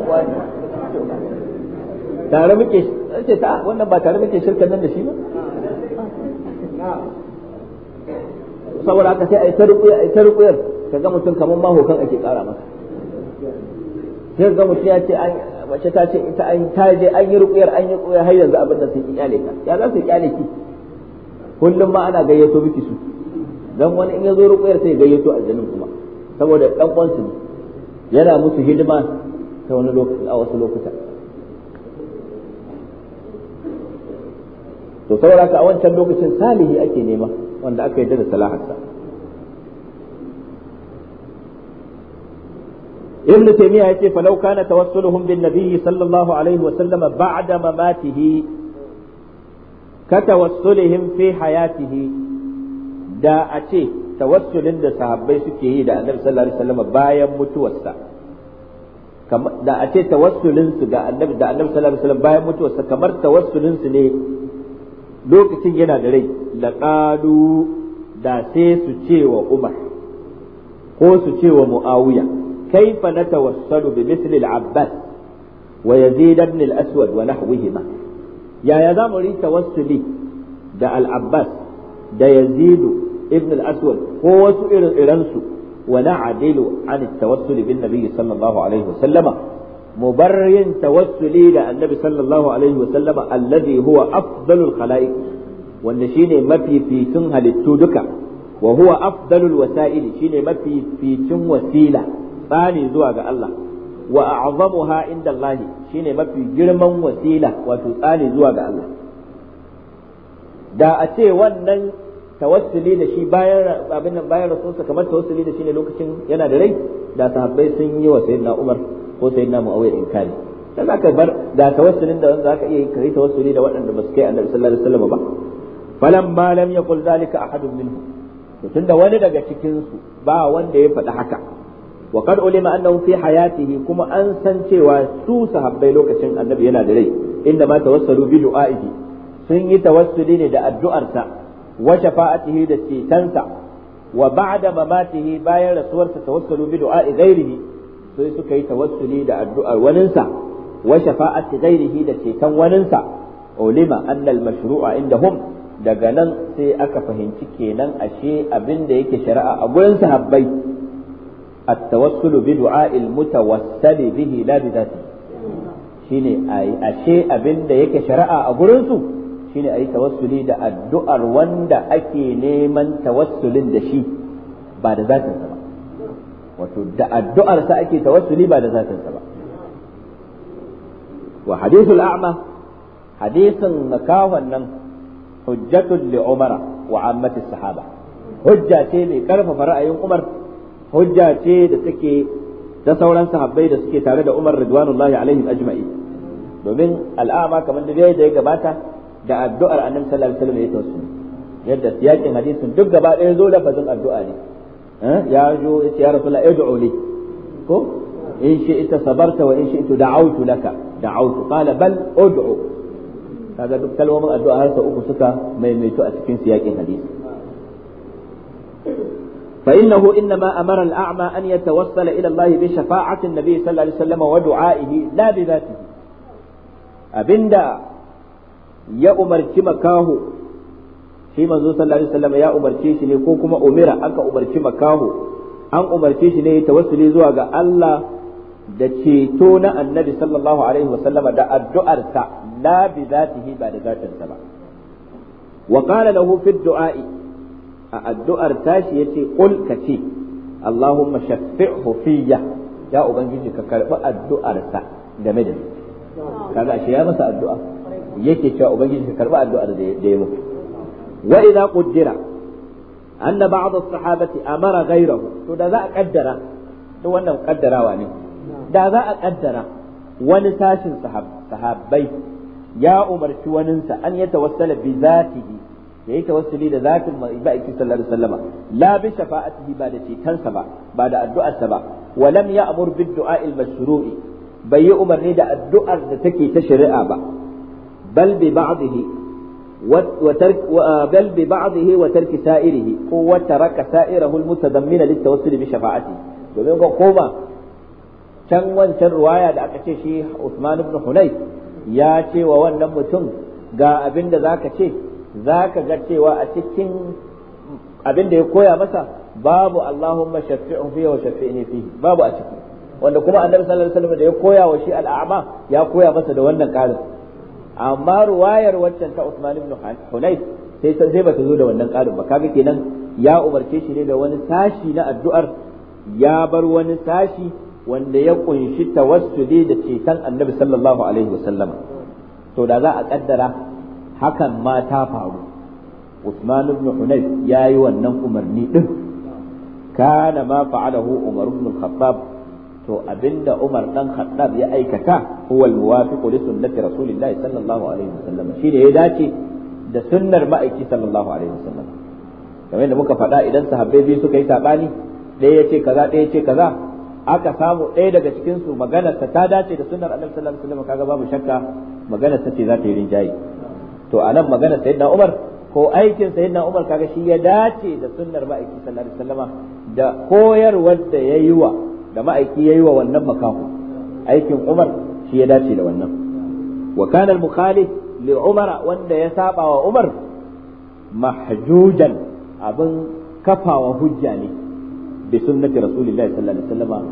tare muke ce ta wannan ba tare muke shirka nan da shi ba saboda haka sai a yi ta rukuya a yi ta rukuyar ka ga mutum kamar mahokan ake kara masa sai ga mutum ya ce an wace ta ce ita an ta je an yi rukuyar an yi rukuyar har yanzu abin da sun ki kyale ka ya za su kyale ki kullum ma ana gayyato miki su dan wani in ya zo rukuyar sai gayyato aljannin kuma saboda dan kwansu ne yana musu hidima ta wani a wasu lokuta to saboda a wancan lokacin salihi ake nema wanda aka yarda da salahansa ابن تيمية يقول فلو كان توسلهم بالنبي صلى الله عليه وسلم بعد مماته كتوسلهم في حياته دا أتيه tawassulin da sahabbai suke yi da annabi sallallahu alaihi wasallam bayan mutuwarsa da a ce tawassulin su ga annabi da annabi sallallahu alaihi wasallam bayan mutuwarsa kamar tawassulin su ne lokacin yana da rai laqalu da sai su ce wa Umar ko su ce wa Muawiya kaifa natawassalu bi misli al-Abbas wa Yazid ibn al-Aswad wa nahwihima yaya za mu ri tawassuli da al-Abbas da Yazidu ibn al-aswad ko wasu irin iransu wa na'dilu an at-tawassul bin nabiy sallallahu alaihi wa sallama mu bar yin tawassuli da annabi sallallahu alaihi wa sallama alladhi huwa afdalul khalaiq wanda shine mafificin halittu duka wa huwa afdalul wasa'il shine mafificin wasila tsani zuwa ga Allah wa a'zamuha inda Allah shine mafi girman wasila wato tsani zuwa ga Allah da a ce wannan tawassuli da shi bayan abin nan bayan rasulsa kamar tawassuli da shi ne lokacin yana da rai da sahabbai sun yi wa sayyidina Umar ko sayyidina Muawiya inkari dan zaka bar da tawassulin da wanda zaka iya kai tawassuli da waɗanda ba su kai Annabi sallallahu alaihi wasallam ba falamma lam yaqul zalika ahadun minhum to tunda wani daga cikin su ba wanda ya faɗi haka wa qad ulima annahu fi hayatihi kuma an san cewa su sahabbai lokacin Annabi yana da rai inda ma tawassalu bi du'a'ihi sun yi tawassuli ne da addu'arsa wa shafa'atihi da cetonsa wa ba'da mamatihi bayan rasuwarsa tawassalu bi du'a'i ghairihi sai suka yi tawassuli da addu'ar waninsa wa shafa'ati ghairihi da ceton waninsa ulima anna al inda indahum daga nan sai aka fahimci kenan ashe abin da yake shari'a a gurin sahabbai at-tawassulu bi du'a'il mutawassali bihi la bi dhati shine ashe abin da yake shari'a a gurinsu. shine ayi tawassuli da addu'ar wanda ake neman tawassulin da shi ba da zatin sa ba wato da addu'ar sa ake tawassuli ba da zatin sa ba wa hadithul a'ma hadisin makawan nan hujjatul li umara wa ammati sahaba hujja ce mai karfafa ra'ayin umar hujja ce da take da sauran sahabbai da suke tare da umar ridwanullahi alaihim ajma'i domin al'ama kamar da ya gabata da addu'ar annabi sallallahu alaihi wasallam ya tawassuli yadda yakin hadisin duk gaba ɗaya zo lafazin addu'a ne eh, ya zo yace ya rasulullah da li ko in shi'ta sabarta wa in shi'tu da'awtu laka da'awtu kala bal ud'u kaga duk kalmomin addu'a har uku suka maimaito a cikin siyakin hadisi فإنه إنما أمر الأعمى أن يتوسل إلى الله بشفاعة النبي صلى الله عليه وسلم ودعائه لا بذاته أبندا ya umarci makaho shi manzo sallallahu alaihi wasallam ya umarce shi ne ko kuma umira aka umarci makaho an umarce shi ne ta tawassuli zuwa ga Allah da ceto na annabi sallallahu alaihi wasallam da addu'arsa la bi zatihi ba da zatinsa ba wa qala lahu fi du'a'i a addu'ar tashi yace qul kace allahumma shaffi'hu fiyya ya ubangiji ka karbi addu'arsa game da ni kaga ashe ya masa addu'a yake cewa ubangiji ka karba addu'ar da ya muku wa idza qaddara anna ba'd as-sahabati amara ghayrahu to da za a kaddara to wannan kaddarawa ne da za a kaddara wani tashin sahabbai ya umarci waninsa an ya tawassala bi zatihi ya yi tawassuli da zatin ma'aiki sallallahu alaihi wasallama la bi shafa'atihi ba da cetonsa ba ba da addu'arsa ba wa lam ya'mur bid du'a al mashru'i bai yi umarni da addu'ar da take ta shari'a ba bal bi ba'dihi wa tark ah, bal bi ba'dihi wa tarki sa'irihi ko wa taraka sa'irahu almutadammina litawassul bi domin ga koma can wancan ruwaya da aka ce shi Usman ibn Hunay ya ce wa wannan mutum ga abin da zaka ce zaka ga cewa a cikin abin da ya koya masa babu Allahumma shafi'u fihi wa shafi'ni fihi babu a ciki wanda kuma annabi sallallahu alaihi wasallam da ya koya wa shi al'ama ya koya masa da wannan karin amma ruwayar waccan ta Usman ibn Hunayf sai sai bata zo da wannan ƙarin ba kaga kenan ya umarce shi ne da wani sashi na addu'ar ya bar wani sashi wanda ya kunshi tawassuli da ceton Annabi sallallahu alaihi wasallama to da za a kaddara hakan ma ta faru Usman ibn Hunayf yayi wannan umarni din kana ma fa'alahu Umar ibn khattab to abinda Umar dan Khattab ya aikata huwa al-muwafiq li sunnati Rasulillahi sallallahu alaihi wasallam shine ya dace da sunnar ma'aiki sallallahu alaihi wasallam kamar da muka faɗa idan sahabbai biyu suka yi sabani ɗaya ya ce kaza ɗaya ya ce kaza aka samu ɗaya daga cikin su magana ta dace da sunnar Annabi sallallahu alaihi wasallam kaga babu shakka ta ce za ta yi rinjaye to anan maganar sayyidina Umar ko aikin sayyidina Umar kaga shi ya dace da sunnar ma'aiki sallallahu alaihi wasallama da koyarwar da yayi wa da ma'aiki ya yi wa wannan makahu aikin Umar shi ya dace da wannan wa kana al-mukhalif li Umar wanda ya saba wa Umar mahjujan abin kafawa hujja ne bi sunnati rasulillahi sallallahu alaihi wasallam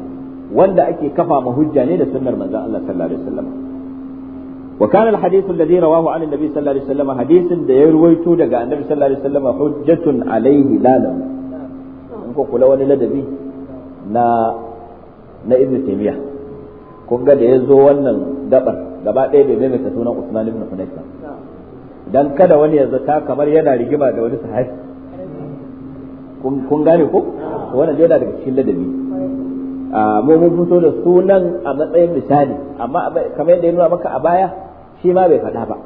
wanda ake kafa ma hujja ne da sunnar manzon Allah sallallahu alaihi wasallam وكان الحديث الذي رواه عن النبي صلى الله عليه وسلم حديث ده يرويته daga النبي صلى الله عليه وسلم حجة عليه لا له in ko kula wani ladabi na na ibn taymiya kun ga da ya zo wannan gabar gaba ɗaya bai maimaita sunan usman ibn hunayf ba dan kada wani ya zata kamar yana rigima da wani sahabi kun gane ko wannan dai yana daga cikin ladabi a mu mun fito da sunan a matsayin misali amma kamar yadda ya nuna maka a baya shi ma bai faɗa ba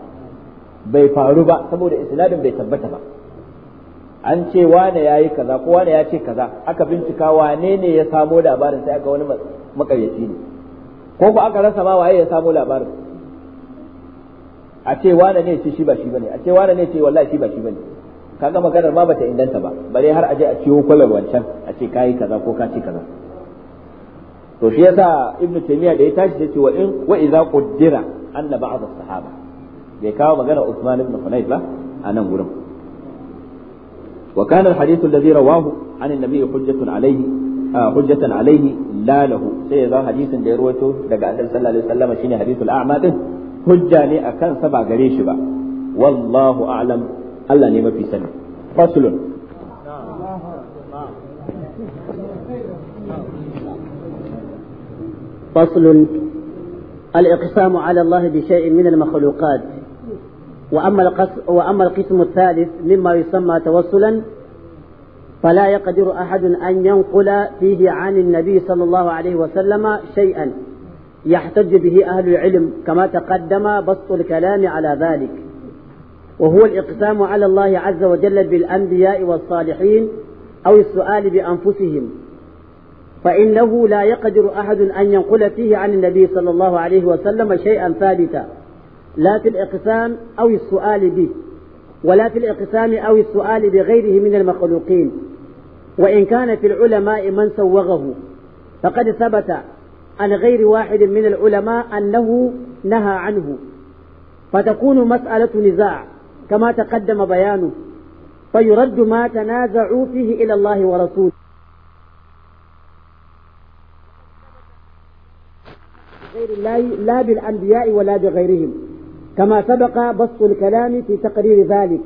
bai faru ba saboda isnadin bai tabbata ba an ce wane ya yi kaza ko wane ya ce kaza aka bincika wane ne ya samo labarin sai aka wani makaryaci ne ko ba aka rasa ma waye ya samo labarin a ce wane ne ce shi ba shi bane a ce wane ne ce wallahi shi ba shi bane kaga maganar ma bata indanta ba bare har aje a ciwo kwalar wancan a ce kai kaza ko ka ce kaza to shi yasa ibnu taymiya da ya tashi yace wa in wa idza quddira anna ba'd as-sahaba bai kawo magana usman ibn hunayf ba a nan gurin وكان الحديث الذي رواه عن النبي حجة عليه آه، حجة عليه لا له سيذا حديث ديروته دقاء صلى الله عليه وسلم شيني حديث الأعمى حجة لأكان سبع قريش با. والله أعلم ألا نيم في سنة فصل فصل الإقسام على الله بشيء من المخلوقات وأما القسم, وأما القسم الثالث مما يسمى توسلا فلا يقدر أحد أن ينقل فيه عن النبي صلى الله عليه وسلم شيئا يحتج به أهل العلم كما تقدم بسط الكلام على ذلك وهو الإقسام على الله عز وجل بالأنبياء والصالحين أو السؤال بأنفسهم فإنه لا يقدر أحد أن ينقل فيه عن النبي صلى الله عليه وسلم شيئا ثابتا لا في الإقسام أو السؤال به ولا في الإقسام أو السؤال بغيره من المخلوقين وإن كان في العلماء من سوغه فقد ثبت عن غير واحد من العلماء أنه نهى عنه فتكون مسألة نزاع كما تقدم بيانه فيرد ما تنازعوا فيه إلى الله ورسوله غير الله لا بالأنبياء ولا بغيرهم كما سبق بسط الكلام في تقرير ذلك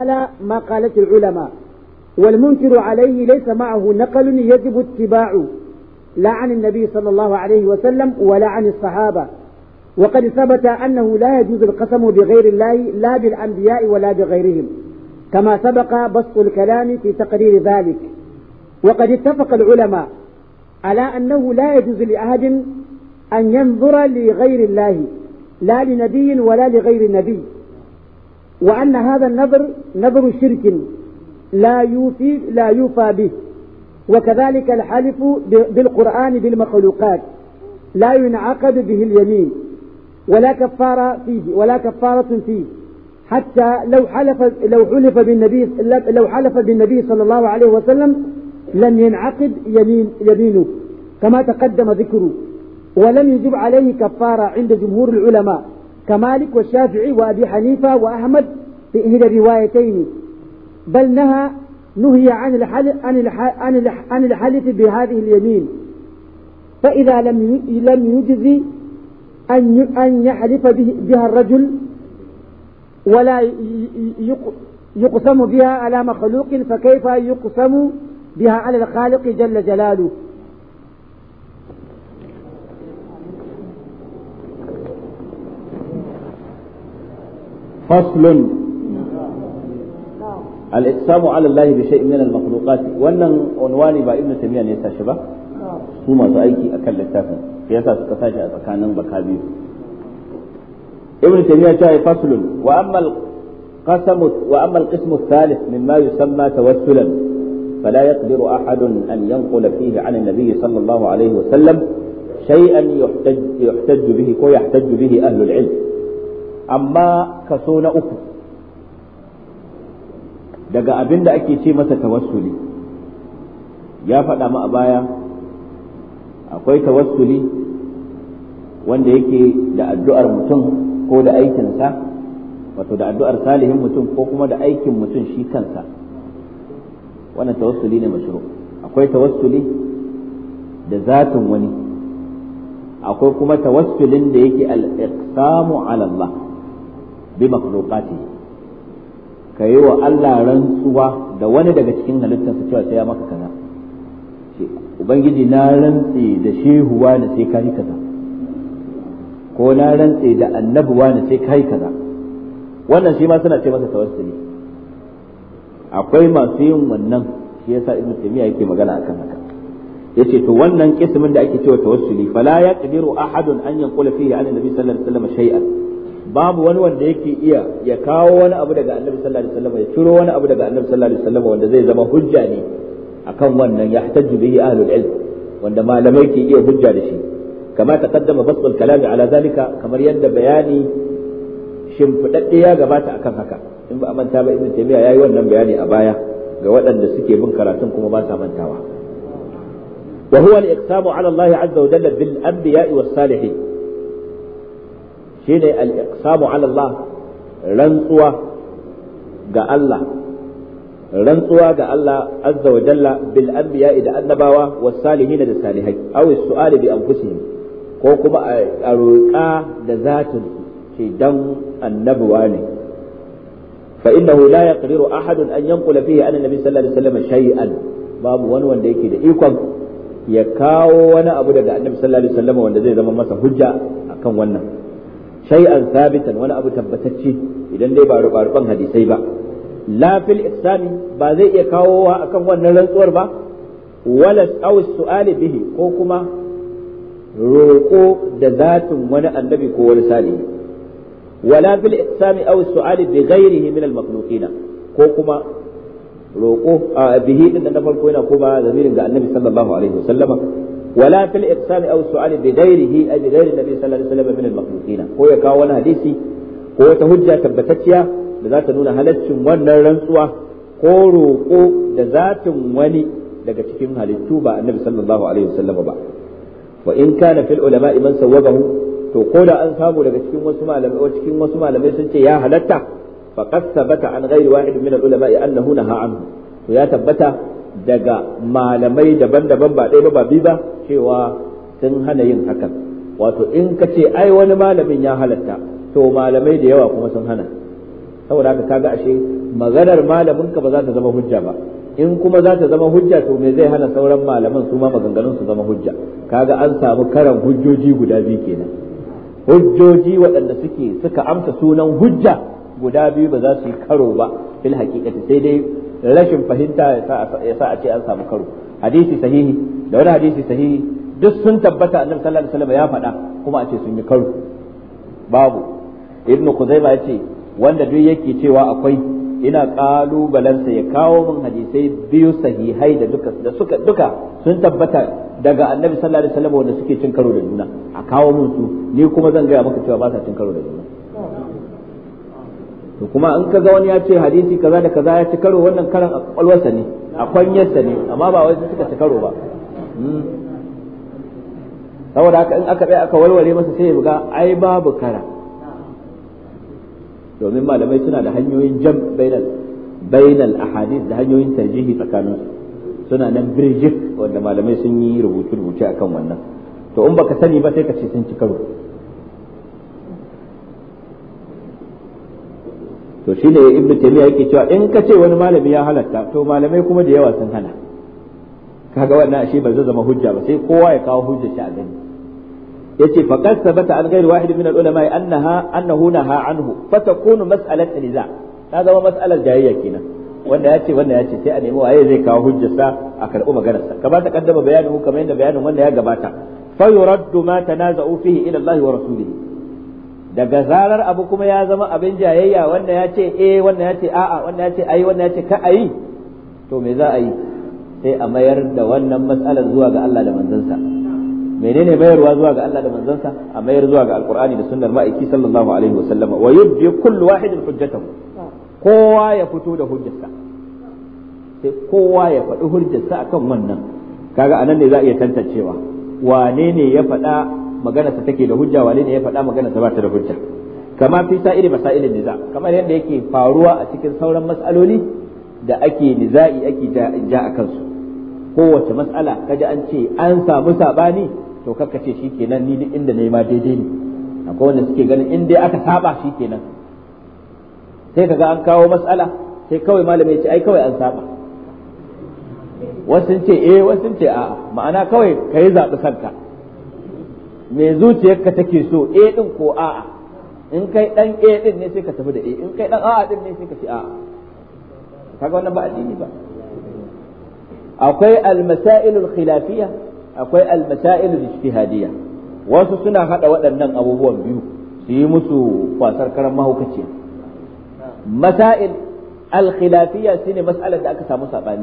على ما قالت العلماء والمنكر عليه ليس معه نقل يجب اتباعه لا عن النبي صلى الله عليه وسلم ولا عن الصحابة وقد ثبت أنه لا يجوز القسم بغير الله لا بالأنبياء ولا بغيرهم كما سبق بسط الكلام في تقرير ذلك وقد اتفق العلماء على أنه لا يجوز لأحد أن ينظر لغير الله لا لنبي ولا لغير نبي وأن هذا النظر نظر شرك لا يوفي لا يوفى به وكذلك الحلف بالقرآن بالمخلوقات لا ينعقد به اليمين ولا كفارة فيه ولا كفارة فيه حتى لو حلف لو حلف بالنبي لو حلف بالنبي صلى الله عليه وسلم لم ينعقد يمين يمينه كما تقدم ذكره ولم يجب عليه كفارة عند جمهور العلماء كمالك والشافعي وأبي حنيفة وأحمد في إحدى روايتين بل نهى نهي عن الحلف عن عن الحلف بهذه اليمين فإذا لم لم يجزي أن أن يحلف بها الرجل ولا يقسم بها على مخلوق فكيف يقسم بها على الخالق جل جلاله فصل الاقسام على الله بشيء من المخلوقات وان عنوان با ابن تيميه ne yasa shi ba su masu aiki akan littafin yasa suka sashi ibn taymiya ta yi faslun wa amma القسم وأما القسم الثالث مما يسمى توسلا فلا يقدر أحد أن ينقل فيه عن النبي صلى الله عليه وسلم شيئا يحتج, يحتج به ويحتج به أهل العلم أما كسون أكو daga abin da ake ce masa tawassuli ya faɗa mu a baya akwai tawassuli wanda yake da addu'ar mutum ko da aikinsa wato da addu'ar salihin mutum ko kuma da aikin mutum shi kansa wannan tawassuli ne mashru akwai tawassuli da zatin wani akwai kuma tawassulin da yake al-iqsamu ala Allah bi makhluqati ka yi wa Allah rantsuwa da wani daga cikin halittarsa cewa sai ya maka kaza ubangiji na rantsi da shehuwa da sai ka yi kaza ko na rantse da annabi wani sai kai kaza wannan shi ma suna ce masa tawassuli akwai masu yin wannan shi yasa ibnu taymiya yake magana akan haka yace to wannan kismin da ake cewa tawassuli fala yaqdiru ahadun an yanqula fihi an annabi sallallahu alaihi wasallam shay'an babu wani wanda yake iya ya kawo wani abu daga annabi sallallahu alaihi wasallam ya ciro wani abu daga annabi sallallahu alaihi wasallam wanda zai zama hujja ne akan wannan yahtaju bihi ahlul ilm wanda malamai ke iya hujja da shi كما تقدم بسط الكلام على ذلك كما يند بياني shimfiɗaɗɗe ya gabata akan haka in ba a manta ba ibn taymiya yayi wannan bayani a baya ga waɗanda suke bin karatun kuma ba sa mantawa wa huwa al-iqsamu ala Allah azza wa jalla bil anbiya'i ga Allah rantsuwa ga Allah azza wa bil anbiya'i da annabawa was salihin da salihai aw as-su'ali bi anfusihim ko kuma a roƙa da zatin ce dan annabuwa ne fa innahu la yaqdiru ahadun an yanqula fihi anna nabi sallallahu alaihi wasallam shay'an babu wani wanda yake da ikon ya kawo wani abu daga annabi sallallahu alaihi wasallam wanda zai zama masa hujja akan wannan shay'an sabitan wani abu tabbatacce idan dai ba rubarban hadisai ba la fil ihsani ba zai iya kawowa akan wannan rantsuwar ba wala aw su'ali bihi ko kuma roƙo da zatin wani annabi ko wani salihi wala bil ihsani aw su'ali bi ghairihi min al makhluqina ko kuma roƙo a bihi din na farko yana ko ba zamirin ga annabi sallallahu alaihi wasallama wala fil ihsani aw su'ali bi ghairihi ay bi ghairi nabi sallallahu alaihi wasallam min al makhluqina ko ya kawo wani hadisi ko wata hujja tabbatacciya da za ta nuna halaccin wannan rantsuwa ko roƙo da zatin wani daga cikin halittu ba annabi sallallahu alaihi wasallama ba wa in kana fil ulama man sawwabahu to ko da an samu daga cikin wasu malamai cikin wasu malamai sun ce ya halatta fa qad sabata an ghairi wahid min al ulama annahu naha anhu to ya tabbata daga malamai daban-daban ba ɗaya ba ba biyu ba cewa sun hana yin hakan wato in ka ce ai wani malamin ya halatta to malamai da yawa kuma sun hana saboda haka kaga ashe maganar malamin ka ba za ta zama hujja ba in kuma za ta zama hujja to me zai hana sauran malaman su ma maganganun su zama hujja kaga an samu karan hujjoji guda biyu kenan hujjoji waɗanda suke suka amsa sunan hujja guda biyu ba za su yi karo ba fil haqiqati sai dai rashin fahimta ya sa a ce an samu karo hadisi sahihi da wani hadisi sahihi duk sun tabbata annabi sallallahu alaihi wasallam ya faɗa kuma a ce sun yi karo babu ibnu kuzaima ya ce wanda duk yake cewa akwai ina kalubalarsa ya kawo min hadisai biyu sahihai da duka da suka duka sun tabbata daga annabi sallallahu alaihi wasallam wanda suke cin karo da juna a kawo min su ni kuma zan gaya maka cewa ba sa cin karo da juna to kuma in ga wani ya ce hadisi kaza da kaza ya ci karo wannan karan a kwalwarsa ne a kwanyarsa ne amma ba wai suka ci karo ba hmm. saboda haka in aka bai aka walwale masa sai ya buga ai babu kara domin malamai suna da hanyoyin jam bainal bainal ahadith da hanyoyin tarjihi tsakanin suna nan birjik wanda malamai sun yi rubuce rubuce akan wannan to in baka sani ba sai ka ce sun ci karo to shine ibnu taymiya yake cewa in ka ce wani malami ya halatta to malamai kuma da yawa sun hana kaga wannan ashe ba zai zama hujja ba sai kowa ya kawo hujja shi a gani yace faqad sabata an ghairi wahid min al-ulama annaha annahu naha anhu fatakunu mas'alat niza ta zama mas'alar jayayya kenan wanda yace wanda yace sai a nemi waye zai kawo hujjarsa a karɓi maganarsa kamar ta kaddama bayanin kamar yadda bayanin wanda ya gabata fa yuraddu ma tanaza'u fihi ila Allah wa rasulihi daga zarar abu kuma ya zama abin jayayya wanda ya ce eh wanda ya ce a'a wanda ya ce ai wanda ya ce ka ayi to me za a yi sai a mayar da wannan mas'alar zuwa ga Allah da manzansa menene mayarwa zuwa ga Allah da manzansa a mayar zuwa ga alqur'ani da sunnar ma'aiki sallallahu alaihi wa sallama wa yubdi kullu wahidin hujjatahu kowa ya fito da hujjarsa sai kowa ya faɗi hujjarsa akan wannan kaga anan ne za a iya tantancewa wane ne ya faɗa maganarsa take da hujja wane ne ya faɗa maganarsa ba ta da hujja kamar fi sa'iri masailin niza kamar yadda yake faruwa a cikin sauran mas'aloli da ake niza'i ake ja a kansu kowace mas'ala kaji an ce an samu sabani to kakka ce shikenan ni duk inda nema ma daidai ne akwai wanda suke ganin in dai aka saba shikenan sai kaga an kawo matsala sai kawai malamai ce ai kawai an saba wasu ce eh wasu ce a'a ma'ana kawai ka yi zaɓi kanka me zuciyarka take so eh din ko a'a in kai dan eh din ne sai ka tafi da eh in kai dan a'a din ne sai ka ce a'a kaga wannan ba addini ba akwai al-masailul khilafiyya akwai al-masail al-ijtihadiyya wasu suna hada waɗannan abubuwan biyu su yi musu kwasar karan mahaukaciya masail al-khilafiyya shine mas'alar da aka samu sabani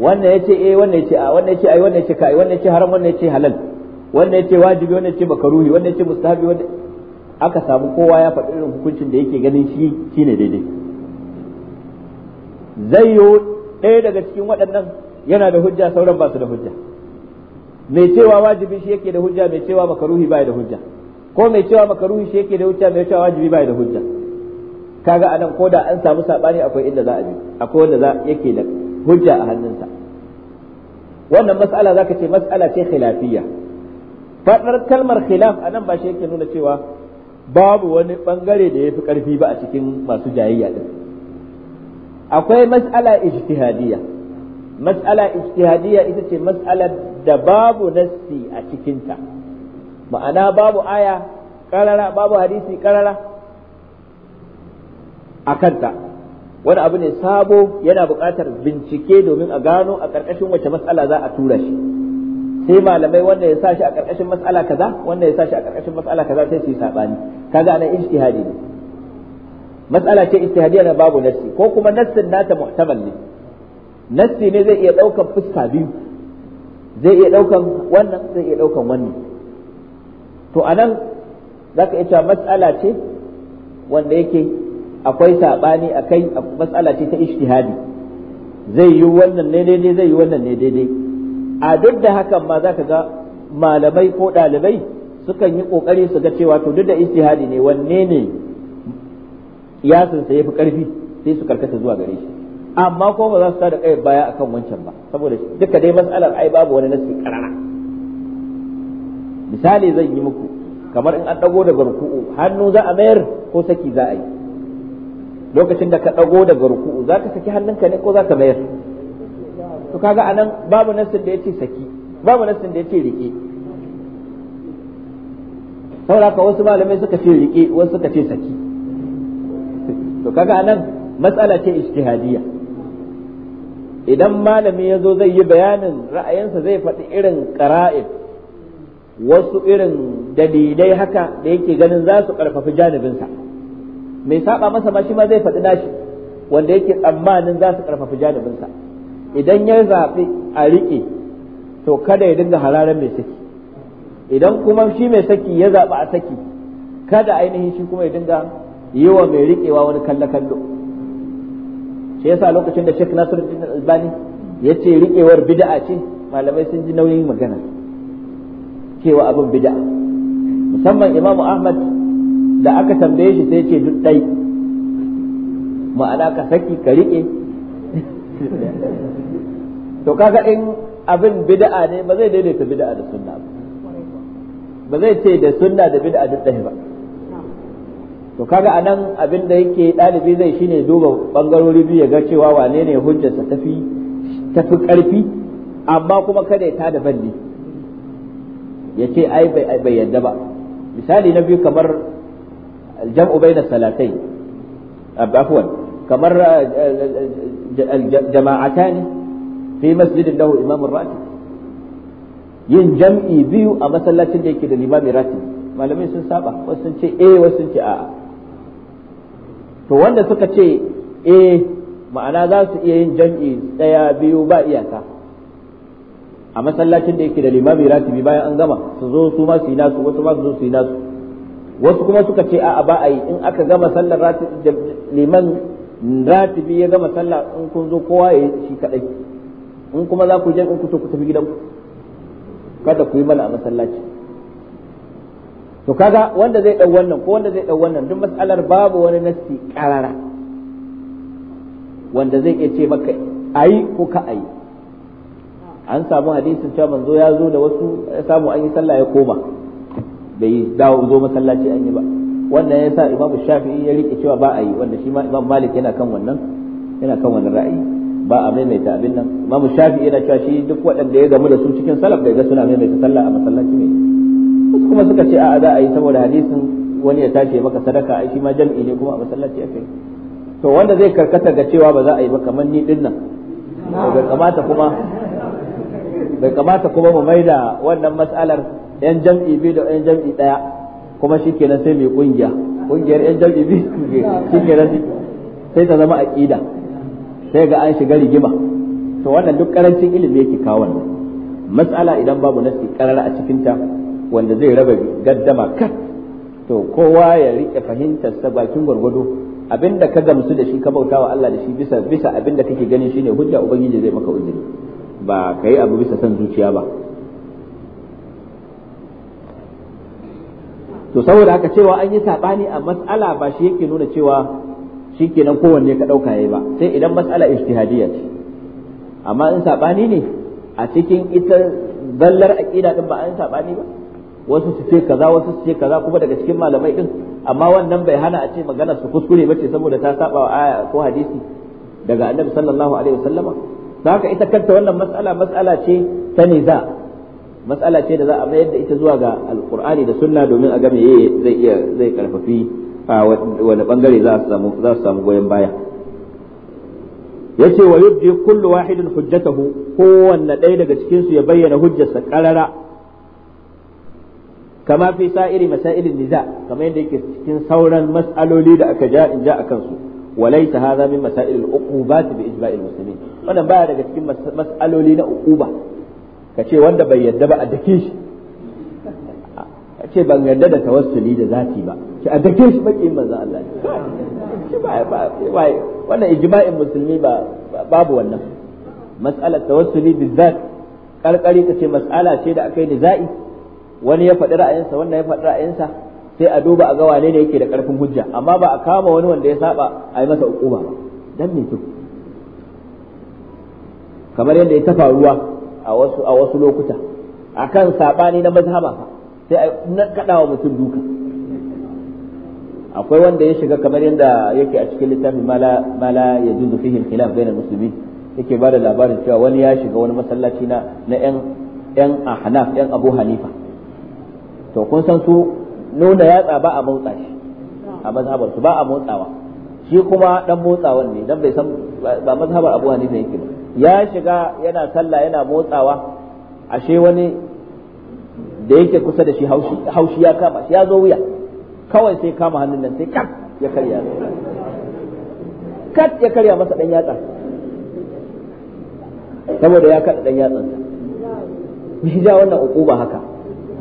wannan yace eh wannan yace a wannan yace ai wannan yace kai wannan yace haram wannan yace halal wannan yace wajibi wannan yace makaruhi wannan yace mustahabi wannan aka samu kowa ya faɗi irin hukuncin da yake ganin shi shine daidai zai yi ɗaya daga cikin waɗannan yana da hujja sauran ba su da hujja mai cewa wajibi shi yake da hujja mai cewa makaruhi bai da hujja ko mai cewa makaruhi shi yake da hujja mai cewa wajibi bai da hujja kaga anan ko da an samu sabani akwai inda za a bi akwai wanda za yake da hujja a hannunsa wannan mas'ala zaka ce mas'ala ce khilafiyya fadar kalmar khilaf anan ba shi yake nuna cewa babu wani bangare da yafi karfi ba a cikin masu jayayya din akwai mas'ala ijtihadiyya mas'ala ijtihadiyya ita ce mas'alar da babu nassi a cikinta ma'ana babu aya ƙarara babu hadisi ƙarara. a kanta wani abu ne sabo yana buƙatar bincike domin a gano a ƙarƙashin wace matsala za a tura shi sai malamai wanda ya sa shi a ƙarƙashin matsala kaza wanda ya sa shi a ƙarƙashin matsala kaza sai su yi saɓani kaga anan ijtihadi ne matsala ce ijtihadi na babu nassi ko kuma nassin nata muhtamal ne nassi ne zai iya ɗaukar fuska biyu zai iya daukan wannan zai iya daukan wannan to anan zaka iya cewa matsala ce wanda yake akwai sabani akai matsala ce ta ijtihadi zai yi wannan ne daidai zai yi wannan ne daidai a duk da hakan ma zaka ga malamai ko dalibai sukan yi kokari su ga cewa to duk da ijtihadi ne wanne ne kiyasin sa yafi karfi sai su karkata zuwa gare shi amma ko ba za su tada kai baya akan wancan ba saboda duka dai mas'alar ai babu wani nasi karara misali zan yi muku kamar in an dago daga ruku'u hannu za a mayar ko saki za a yi lokacin da ka dago daga ruku'u za ka saki hannunka ne ko za ka mayar to kaga anan babu nasin da yace saki babu nasin da yace rike saboda ka wasu malamai suka ce rike wasu suka ce saki (laughs) to kaga anan matsala ce ijtihadiyya idan malami ya zo zai yi bayanin ra'ayinsa zai faɗi irin ƙara'in wasu irin dalilai haka da yake ganin za su ƙarfafi janibinsa mai saba masa ma shi ma zai faɗi nashi wanda yake tsammanin za su ƙarfafi janibinsa idan ya zaɓi a riƙe to kada ya dinga hararen mai saki idan kuma shi mai saki ya zaɓi a saki kada ainihin shi kuma ya dinga yi wa mai riƙewa wani kallo kallo shi yasa lokacin da Sheikh Nasiruddin Albani yace riƙewar bid'a ce malamai sun ji nauyin magana cewa abin bid'a musamman Imam Ahmad da aka tambaye shi sai ce duk dai ma'ana ka saki ka riƙe to kaga in abin bid'a ne ba zai daidaita bid'a da sunna ba ba zai ce da sunna da bid'a duk ɗaya ba to kaga anan abin da yake ɗalibi zai shine duba bangarori biyu ya ga cewa wane ne ta tafi tafi ƙarfi amma kuma kada ya tada balli ya ce ai bai yadda ba misali na biyu kamar jam'u bayna salatai afwan kamar eh, eh, eh, jama'atani fi masjidin lahu Imam ratib yin jam'i biyu a masallacin da yake da limami ratib malamai sun saba wasu sun ce eh wasu sun ce a'a to wanda suka ce eh ma'ana za su iya yin jam'i daya biyu ba iyaka a masallacin da yake da limami ratibi bayan an gama su zo su ma su yi nasu wasu ma su zo su yi nasu wasu kuma suka ce a'a ba a yi in aka gama sallar ratibi liman ratibi ya gama sallah in kun zo kowa ya yi shi kadai in kuma za ku je in ku to ku tafi gidanku kada ku yi mana a masallaci to kaga wanda zai dau wannan ko wanda zai dau wannan duk mas'alar babu wani nassi karara wanda zai iya ce maka ayi ko ka ayi an samu hadisin cewa manzo ya zo da wasu ya samu an yi sallah ya koma bai dawo zo masallaci an yi ba wannan sa imamu shafi'i ya rike cewa ba a yi wanda shi ma imam malik yana kan wannan yana kan wannan ra'ayi ba a maimaita abin nan imamu Shafi'i yana cewa shi duk waɗanda ya gamu da su cikin salaf da ga suna maimaita sallah a masallaci mai kuma suka ce a'a za a yi saboda hadisin wani ya tashi maka sadaka a shi ma jam'i ne kuma a masallaci akai to wanda zai karkata ga cewa ba za a yi ba kamar ni dinnan bai kamata kuma bai kamata kuma mu maida wannan mas'alar yan jam'i biyu da yan jam'i daya kuma shikenan sai mai kungiya kungiyar yan jam'i biyu shikenan sai ta zama aqida sai ga an shiga rigima to wannan duk karancin ilimi yake kawo wannan mas'ala idan babu nasi karara a cikinta wanda zai raba gaddama kat to kowa ya rike fahimtar sa bakin gwargwado abinda ka gamsu da shi ka bauta wa Allah da shi bisa bisa abinda kake ganin shine hujja ubangiji zai maka uzuri ba kai abu bisa san zuciya ba to saboda haka cewa an yi sabani a mas'ala ba shi yake nuna cewa shikenan kowanne ka dauka yayi ba sai idan mas'ala ijtihadiyya ce amma in sabani ne a cikin ita zallar aqida din ba an sabani ba wasu su ce kaza wasu su ce kaza kuma daga cikin malamai din amma wannan bai hana a ce magana su kuskure bace saboda ta saba wa aya ko hadisi daga annabi sallallahu alaihi wasallama haka ita kanta wannan mas'ala mas'ala ce ta niza mas'ala ce da za a mayar da ita zuwa ga alqur'ani da sunna domin a ga me zai iya zai karfafi wani bangare za su samu za su samu goyen baya yace wa yubdi kullu wahidin hujjatahu kowanne ɗaya daga cikin su ya bayyana hujjarsa karara kama fi sa'iri masailin niza kamar yadda yake cikin sauran mas'aloli da aka ja in ja a kansu walaysa hadha min masailil uqubat bi ijma'il muslimin wannan baya daga cikin mas'aloli na uquba kace wanda bai yadda ba a dake shi kace ban yadda da tawassuli da zati ba ki a dake shi baki manzo Allah wannan ijma'in musulmi ba babu wannan bizat karkari kace mas'ala ce da akai niza'i wani ya faɗi ra'ayinsa wannan ya faɗi ra'ayinsa sai a duba a ga wane ne yake da ƙarfin hujja amma ba a kama wani wanda ya saba a yi masa hukuma ba dan me kamar yadda ya tafa ruwa a wasu a wasu lokuta akan sabani na mazhaba fa sai a kaɗawa mutum duka akwai wanda ya shiga kamar yadda yake a cikin littafin mala mala ya juzu fihi khilaf bainal muslimin yake bada labarin cewa wani ya shiga wani masallaci na na yan yan ahnaf yan abu hanifa to kun san su nuna yatsa ba a motsa shi a mazhabar su ba a motsawa shi kuma dan motsawan ne dan bai san ba mazhabar Abu Hanifa yake ba ya shiga yana sallah yana motsawa ashe wani da yake kusa da shi haushi ya kama shi ya zo wuya kawai sai kama hannun nan sai kat ya karya kat ya karya masa dan yatsa saboda ya kada dan yatsa. shi ja wannan uku ba haka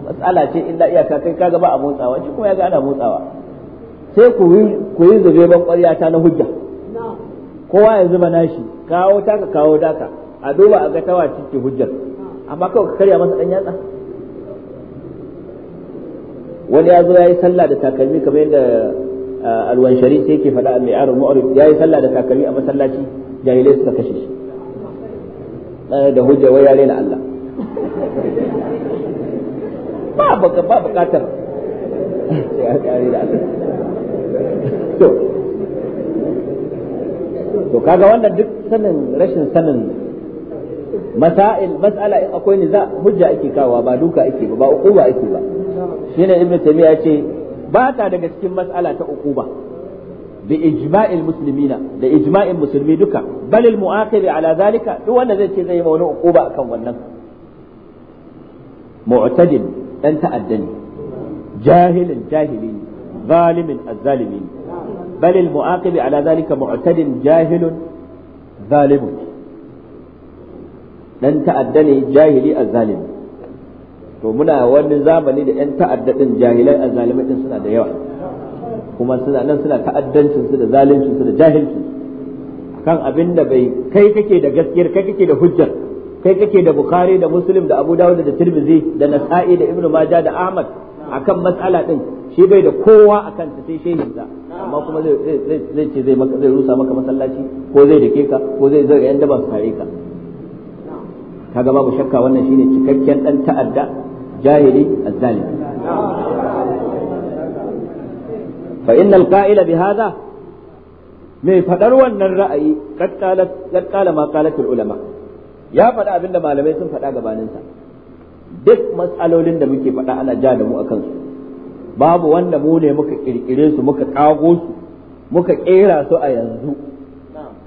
matsala ce inda iyaka kai ka gaba a motsawa shi kuma ya ga ana motsawa sai ku yi ku yi zube ban ƙwarya ta na hujja kowa ya zuba nashi kawo taka kawo daka a duba a ga tawa cikin hujjar amma kawai ka karya masa dan yatsa wani ya zo ya yi sallah da takalmi kamar yadda alwan sai yake faɗa a mai aron mu'arif ya yi sallah da takalmi a masallaci jahilai suka kashe shi da hujja wai ya rena Allah ba baka ba bukatar to kaga wannan duk sanin rashin sanin masail mas'ala in akwai niza hujja ake kawa ba duka ake ba ba uquba ake ba shine ibnu taymiya ce, ba ta daga cikin mas'ala ta ukuba. bi ijma'il muslimina da ijma'in musulmi duka bal al mu'aqib ala zalika duk wanda zai ce zai yi wani uquba akan wannan mu'tadil dan ta'adda ne jahilin jahili ne zalimin azzalimi ne bal al mu'aqib ala zalika mu'tadin jahilun zalimun dan ta'adda ne jahili azzalimi to muna wani zamani da yan ta'adda din jahilai azzalimai din suna da yawa kuma suna nan suna ta'addancin su da zalincin su da jahilcin kan abin da bai kai kake da gaskiyar kai kake da hujjar sai kake da bukhari da muslim da abu dawud da tirmidhi da nasa'i da ibnu majah da ahmad akan matsala din shi bai da kowa akan ta sai shehin sa amma kuma zai zai ce zai maka zai rusa maka masallaci ko zai dake ka ko zai zai yan daba su tare ka kaga babu shakka wannan shine cikakken dan ta'adda jahili azzalim fa innal qa'ila bi hadha mai fadar wannan ra'ayi qad qalat ma ulama ya faɗa abin da malamai sun faɗa gabaninsa duk matsalolin da muke faɗa ana ja da mu a kansu babu wanda mu ne muka ƙirƙire su muka ƙago su muka ƙera su a yanzu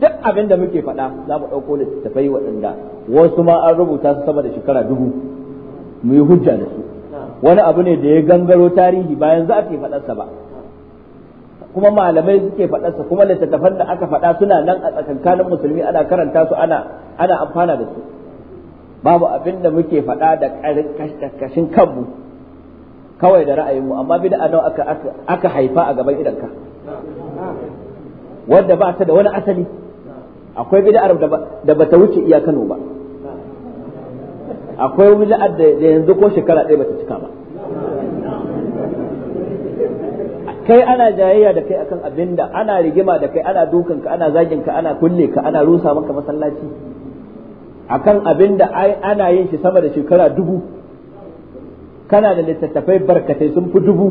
duk abin da muke faɗa za mu ɗauko littattafai waɗanda wasu ma an rubuta su sama da shekara dubu mu yi hujja da su wani abu ne da ya gangaro tarihi bayan za a ke faɗarsa ba kuma malamai suke faɗarsa kuma littattafan da aka faɗa suna nan a tsakankanin musulmi ana karanta su ana ana amfana da su babu abin da muke faɗa da ƙarƙashin kanmu kawai da ra'ayinmu amma bid'a nawa aka aka haifa a gaban idanka wadda ba ta da wani asali akwai bid'ar da bata wuce iya Kano ba akwai bid'ar da yanzu ko shekara ɗaya bata cika ba kai ana jayayya da kai akan abinda ana rigima da kai ana dukan ka ana zagin ka ana kulle ka ana rusa maka masallaci akan abinda ai ana yin shi sama da shekara dubu kana da littattafai barkatai sun fi dubu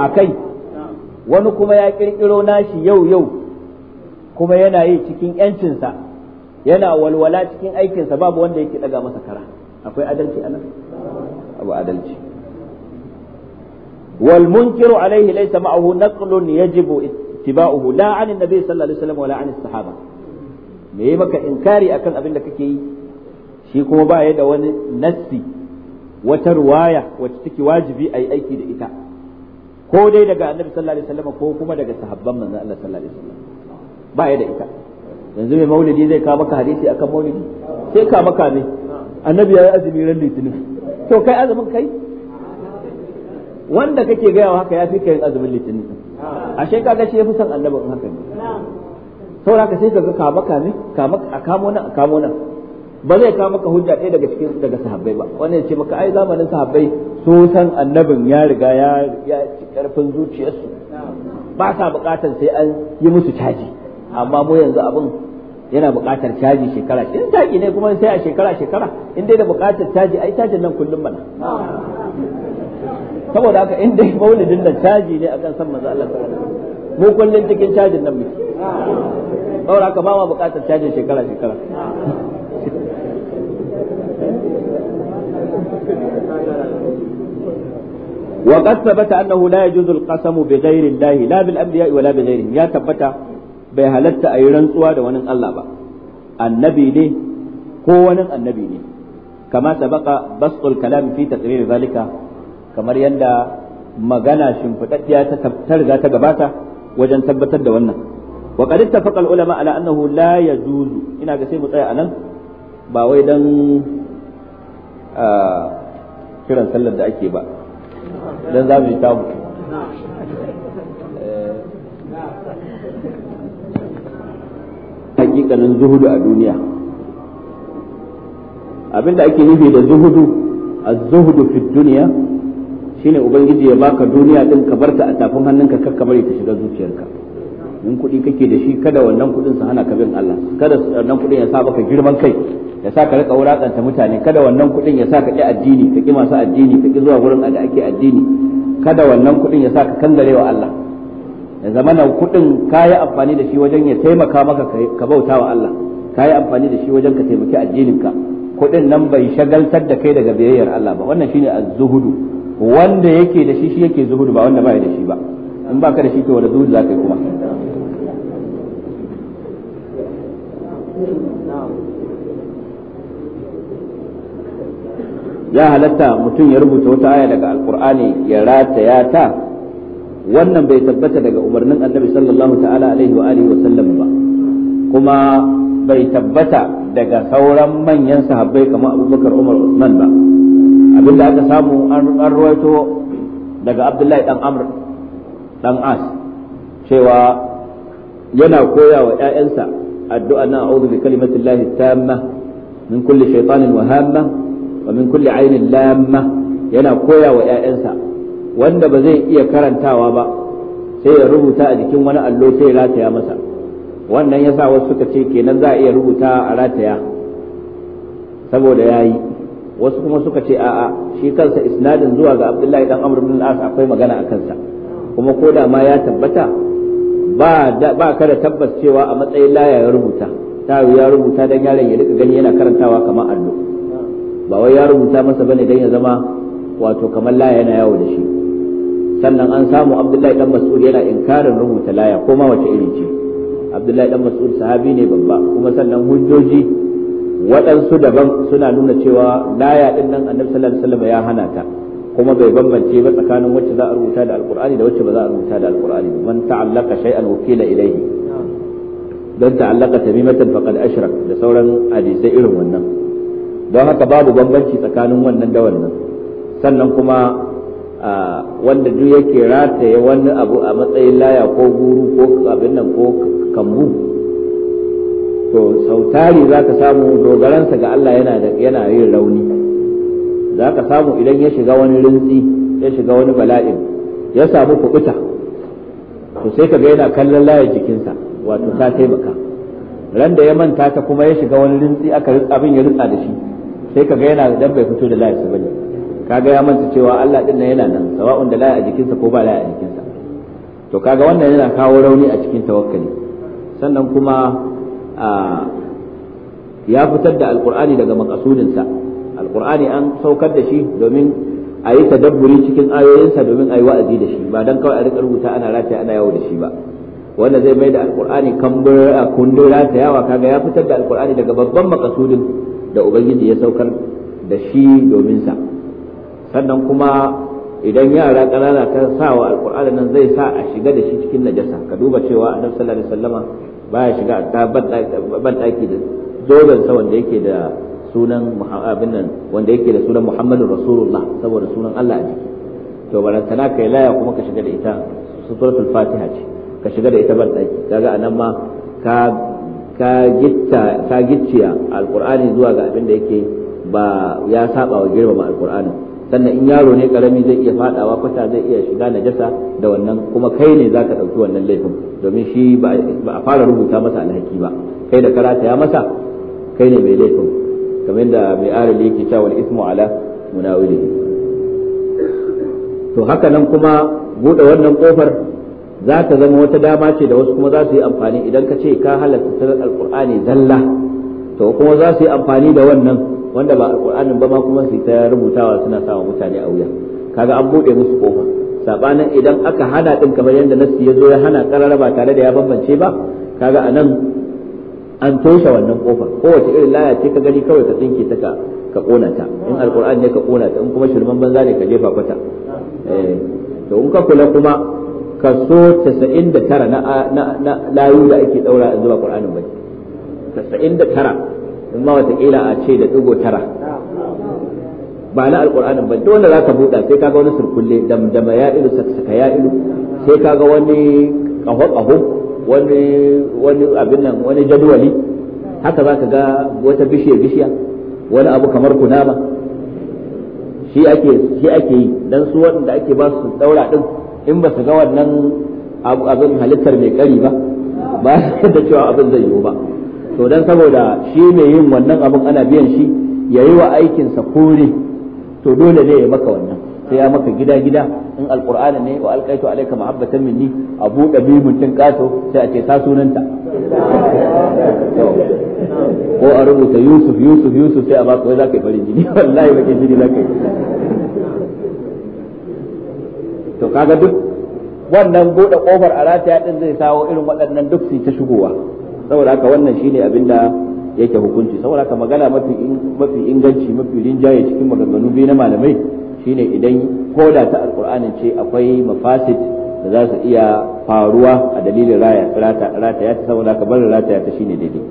a kai wani kuma ya kirkiro nashi yau yau kuma yana yi cikin yancinsa yana walwala cikin aikinsa babu wanda yake daga masa kara akwai adalci anan abu adalci wal munkiru alaihi laysa ma'ahu naqlun yajibu ittiba'uhu la an annabi sallallahu alaihi wasallam wala an sahaba me yi maka inkari akan abin da kake yi shi kuma ba ya da wani nassi wata ruwaya wacce wajibi aiki da ita ko dai daga annabi sallallahu alaihi wasallam ko kuma daga sahabban manzo Allah sallallahu alaihi wasallam ba ya da ita yanzu mai maulidi zai kawo maka hadisi akan maulidi sai ka maka ne annabi ya yi azumi ran litinin to kai azumin kai wanda kake gaya haka ya fi ka yin azumin litinin a ashe kaga shi ya fi son annaba in haka ne saboda ka sai kaga kama kame kama a kamo nan a kamo nan ba zai kama ka hujja ɗaya daga cikin daga sahabbai ba wanda ya ce maka ai zamanin sahabbai so san annabin ya riga ya ya ci karfin zuciyarsu ba sa buƙatar sai an yi musu caji amma mu yanzu abin yana buƙatar caji shekara in taki ne kuma sai a shekara shekara in dai da buƙatar caji ai cajin nan kullum mana saboda haka in dai maulidin da caji ne akan san manzo Allah mu kullun cikin cajin nan muke saboda haka ba ma buƙatar cajin shekara shekara وقد ثبت أنه لا يجوز القسم بغير الله لا بالأنبياء ولا بغيرهم يا ثبت بهلت أي رنسوا دون الله با النبي لي هو النبي لي كما سبق بسط الكلام في تقرير ذلك kamar yadda magana shimfiɗaɗɗiya ta riga ta gabata wajen tabbatar da wannan wa qad ittafaqa ulama ala annahu la yajuzu ina ga sai mu tsaya anan ba wai dan kiran sallar da ake ba dan za mu yi tabu eh, hakikanin zuhudu a duniya abinda ake nufi da zuhudu az-zuhdu fi dunya shine ubangiji ya baka duniya din ka barta a tafin hannunka kar ka bari ta shiga zuciyarka in kuɗi kake da shi kada wannan kuɗin su hana ka bin Allah kada wannan kuɗin ya sa baka girman kai ya sa rika wulakanta mutane kada wannan kuɗin ya sa ka addini ka ƙi masu addini ka ƙi zuwa wurin da ake addini kada wannan kuɗin ya sa ka Allah ya zama na kuɗin ka yi amfani da shi wajen ya taimaka maka ka bauta wa Allah ka yi amfani da shi wajen ka taimaki addininka kuɗin nan bai shagaltar da kai daga biyayyar Allah ba wannan shine az-zuhudu wanda yake da shi shi yake zuhudu ba wanda ba da shi ba in ba ka da shi to wanda zuhudu za ka yi kuma ya halatta mutum ya rubuta wata aya daga alkur'ani ya rataya ta wannan bai tabbata daga umarnin annabi sallallahu ta'ala alaihi wa alihi wa sallam ba kuma bai tabbata daga sauran manyan sahabbai kamar abubakar umar usman ba abinda aka samu an ruwaito daga abdullahi dan amr dan as cewa yana koya wa ‘ya'yansa addu'a na a'udhu bi kalimatillahi tamma min kulli shaitanin wahamma wa min kulli ainin lamma yana koya wa ‘ya'yansa wanda ba zai iya karantawa ba sai ya rubuta a jikin wani allo sai ya rataya masa wannan yasa wasu suka ce kenan za a iya rubuta a rataya saboda ya yi wasu kuma suka ce a'a shi kansa isnadin zuwa ga abdullahi dan amr bin al-as akwai magana a kansa kuma ko da ma ya tabbata ba ba kada tabbas cewa a matsayin laya ya rubuta ta ya rubuta dan yaron ya rika gani yana karantawa kamar allo ba wai ya rubuta masa bane dan ya zama wato kamar laya yana yawo da shi sannan an samu abdullahi dan mas'ud yana inkarin rubuta laya ko ma wace iri ce abdullahi dan mas'ud sahabi ne babba kuma sannan hujjoji waɗansu daban suna nuna cewa laya din nan annabi sallallahu alaihi wasallam ya hana ta kuma bai bambance ba tsakanin wacce za a rubuta da alqur'ani da wacce ba za a rubuta da alqur'ani man ta'allaka shay'an wakila ilayhi dan ta'allaka tamimatan faqad ashrak da sauran hadisai irin wannan don haka babu bambanci tsakanin wannan da wannan sannan kuma wanda duk yake rataye wani abu a matsayin laya ko guru ko abin nan ko kambu to sautari za ka samu dogaransa ga Allah yana yin rauni za ka samu idan ya shiga wani rintsi ya shiga wani bala'in ya samu kuɓuta to sai ka ga yana kallon layar jikinsa wato ta taimaka ran da ya manta ta kuma ya shiga wani rintsi aka abin ya ritsa da shi sai ka ga yana dan bai fito da su bane kaga ya manta cewa Allah din nan yana nan sawa'un da laya a jikinsa ko ba laya a jikinsa to kaga wannan yana kawo rauni a cikin tawakkali sannan kuma ya fitar da alkur'ani daga makasudinsa alkur'ani an saukar da shi domin a yi tadabburi cikin ayoyinsa domin a yi wa'azi da shi ba don kawai a rika rubuta ana rataya ana yawo da shi ba wanda zai mai da alkur'ani kundin yawa kaga ya fitar da alkur'ani daga babban makasudin da ubangiji ya saukar da shi domin sa sannan kuma idan yara kanana ta sa wa alƙur'ani nan zai sa a shiga da shi cikin najasa ka duba cewa annabi sallallahu alaihi wasallama baya shiga ta ban daki da dogon sa wanda yake da sunan abin nan wanda yake da sunan Muhammadu Rasulullah saboda sunan Allah a jiki to na kai laya kuma ka shiga da ita suratul Fatiha ce ka shiga da ita ban daki kaga anan ma ka ka gitta ka gicciya alqur'ani zuwa ga abin da yake ba ya saba wa girmama alqur'ani sannan in yaro ne karami zai iya fadawa kwata zai iya shiga najasa da wannan kuma kai ne zaka dauki wannan laifin domin shi ba a fara rubuta masa alhaki ba kai da karata ya masa kai ne mai laifin kamar da mai arali yake cewa ismu ala munawili to haka nan kuma buɗe wannan kofar za ta zama wata dama ce da wasu kuma za su yi amfani idan ka ce ka halatta sanar alkur'ani zalla to kuma za su yi amfani da wannan wanda ba alqur'anin ba ma kuma su ta rubutawa suna sawa mutane a wuya kaga an buɗe musu kofa sabanin idan aka hana din kamar yadda nassi ya zo ya hana karara ba tare da ya bambance ba kaga anan an toshe wannan kofa kowace irin laya ce ka gani kawai ka tsinke ta ka kona ta in alqur'ani ne ka kona ta in kuma shirman banza ne ka jefa kwata eh to in ka kula kuma kaso 99 na layu da ake daura a zuwa qur'anin bai 99 in ma wataƙila a ce da ɗigo tara ba na alƙur'anin ba wanda za ka buɗa sai kaga wani surkulle damdama ya ilu saka ya ilu sai kaga wani ƙaho-ƙaho wani wani abin nan wani jadwali haka za ka ga wata bishiya bishiya wani abu kamar kunama shi ake shi ake yi dan su wanda ake ba su daura din in ba su ga wannan abin halittar mai kari ba ba da cewa abin zai yiwu ba to dan saboda shi mai yin wannan abin ana biyan shi ya yi wa aikinsa kore to dole ne ya maka wannan sai ya maka gida gida in alqur'ani ne wa alqaitu alayka mahabbatan minni a buɗe bi mutun kato sai a ce sa sunanta ko a rubuta yusuf yusuf yusuf sai a baka wai zaka yi farin jini (laughs) wallahi bakin jini zaka yi to kaga duk wannan buɗe kofar a rataya din zai sawo irin waɗannan duk su ta shigowa saboda haka wannan shine abin da yake hukunci saboda haka magana mafi inganci mafi rinjaye cikin maganganu biyu na malamai shine idan koda ta alkur'ani ce akwai mafasid da za su iya faruwa a dalilin raya rata ya ta saboda haka barin rata ya ta shine daidai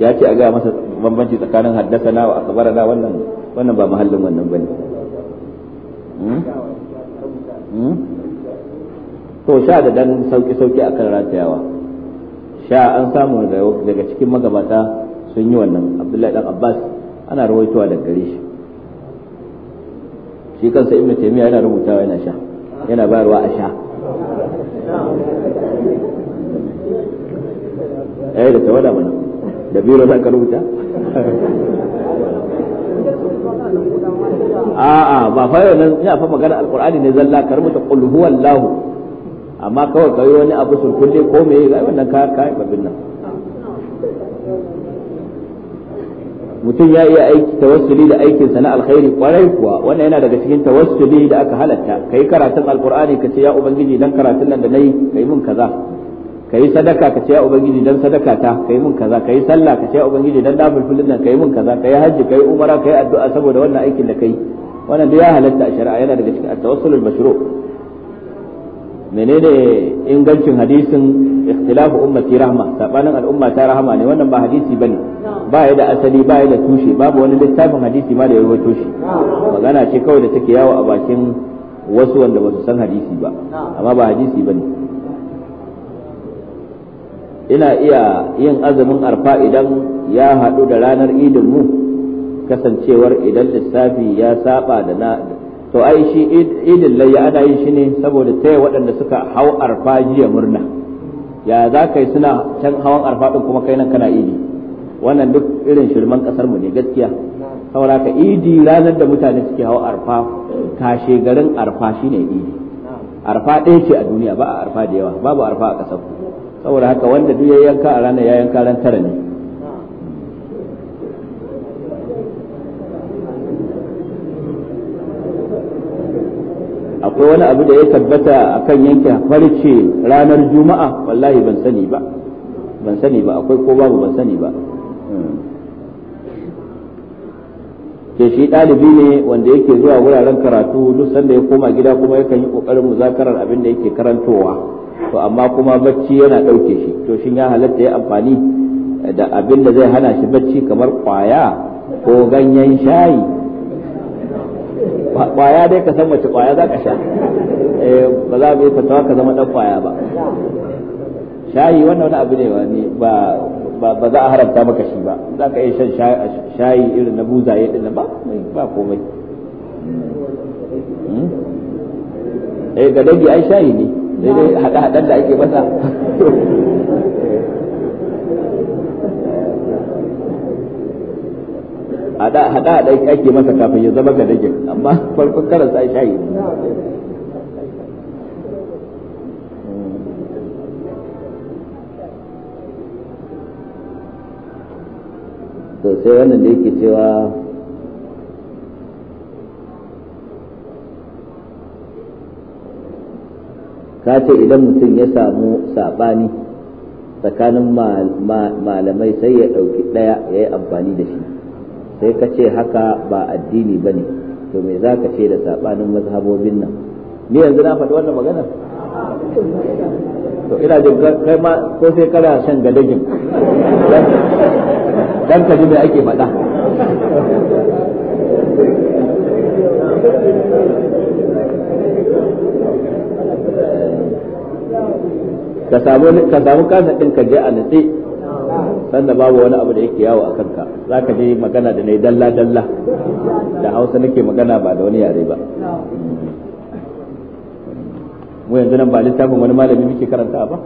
ya ce a ga masa bambanci tsakanin haddasa wa akbarana wannan wannan ba mahallin wannan bane hmm? Hmm? to sha da dan sauki sauki akan ratayawa sha an samu daga cikin magabata sun yi wannan abdullahi dan abbas ana rawaitowa daga gare shi shi kansa ibnu taymiya yana rubutawa yana sha yana bayarwa a sha eh da tawada mana da biro za ka rubuta a'a ba fa yau ya fa magana alqur'ani ne zalla ka rubuta qul huwallahu amma kawai kai wani abu sun kulle ko me ga wannan ka ka babin nan mutum ya iya aiki tawassuli da aikin sana alkhairi kwarai kuwa wannan yana daga cikin tawassuli da aka halatta kai karatun alkur'ani ka ce ya ubangiji dan karatun nan da nayi kai mun kaza kai sadaka ka ce ya ubangiji dan sadaka ta kai mun kaza kai sallah ka ce ya ubangiji dan dabulfulin nan kai mun kaza kai hajji kai umara kai addu'a saboda wannan aikin da kai wannan duk ya halatta a shari'a yana daga cikin at-tawassulul mashru' menene ingancin hadisin ikhtilafu ummati rahma sabanin al'umma ta rahama ne wannan ba hadisi bane ba ya da asali ba ya da tushe babu wani littafin hadisi ma da ya rubuto shi magana ce kawai da take yawo a bakin wasu wanda ba su san hadisi ba amma ba hadisi bane ina iya yin azumin arfa idan ya haɗu da ranar idin mu kasancewar idan lissafi ya saba da na to ai shi idin layya ana yin shi ne saboda taya waɗanda suka hau arfa jiya murna ya za yi suna can hawan arfa ɗin kuma kai nan kana idi wannan duk irin shirman ƙasar mu ne gaskiya saboda ka idi ranar da mutane suke hau arfa kashe garin arfa shine idi arfa ɗaya ce a duniya ba a arfa da yawa babu arfa a ƙasar saboda haka wanda duk ya yanka a ranar ya yanka ran tara ne akwai wani abu da ya tabbata a kan yanke farce ranar juma'a wallahi ban sani ba ban sani ba akwai ko babu ban sani ba hmm. ke shi ɗalibi ne wanda yake zuwa wuraren karatu duk sanda ya koma gida kuma yakan yi ƙoƙarin muzakarar abin da yake karantowa to amma kuma bacci yana ɗauke shi to shin ya halatta ya amfani da abin da zai hana shi bacci kamar ƙwaya ko ganyen shayi kwaya dai ka san mace kwaya za ka sha eh, ba za ka yi fatawa ka zama dan kwaya ba shayi wannan wani abu ne ba ba ba za a haramta maka shi ba za ka iya shan shayi irin na buzaye din ba ba komai hmm? eh ga dai ai shayi ne sai dai hada hadan da ake masa (laughs) hada da ake masa kafin ya zama ga dage amma (laughs) farkon karan sai shayi to sai wannan da yake cewa ka ce idan mutum ya samu saɓani tsakanin malamai sai ya ɗauki ɗaya ya yi amfani da shi sai ka ce haka ba addini ba ne to me za ka ce da saɓanin mazhabobin nan ni yanzu na faɗi wannan magana to ina jin kai ma ko sai kana shan gadajin dan ka ji me ake faɗa ka samu ka samu kasa ɗin ka je a nutse da babu wani abu da yake yawo a kanka za ka je magana da nai dalla dalla da hausa nake magana ba da wani yare ba mu yanzu nan ba littafin wani malami muke karanta ba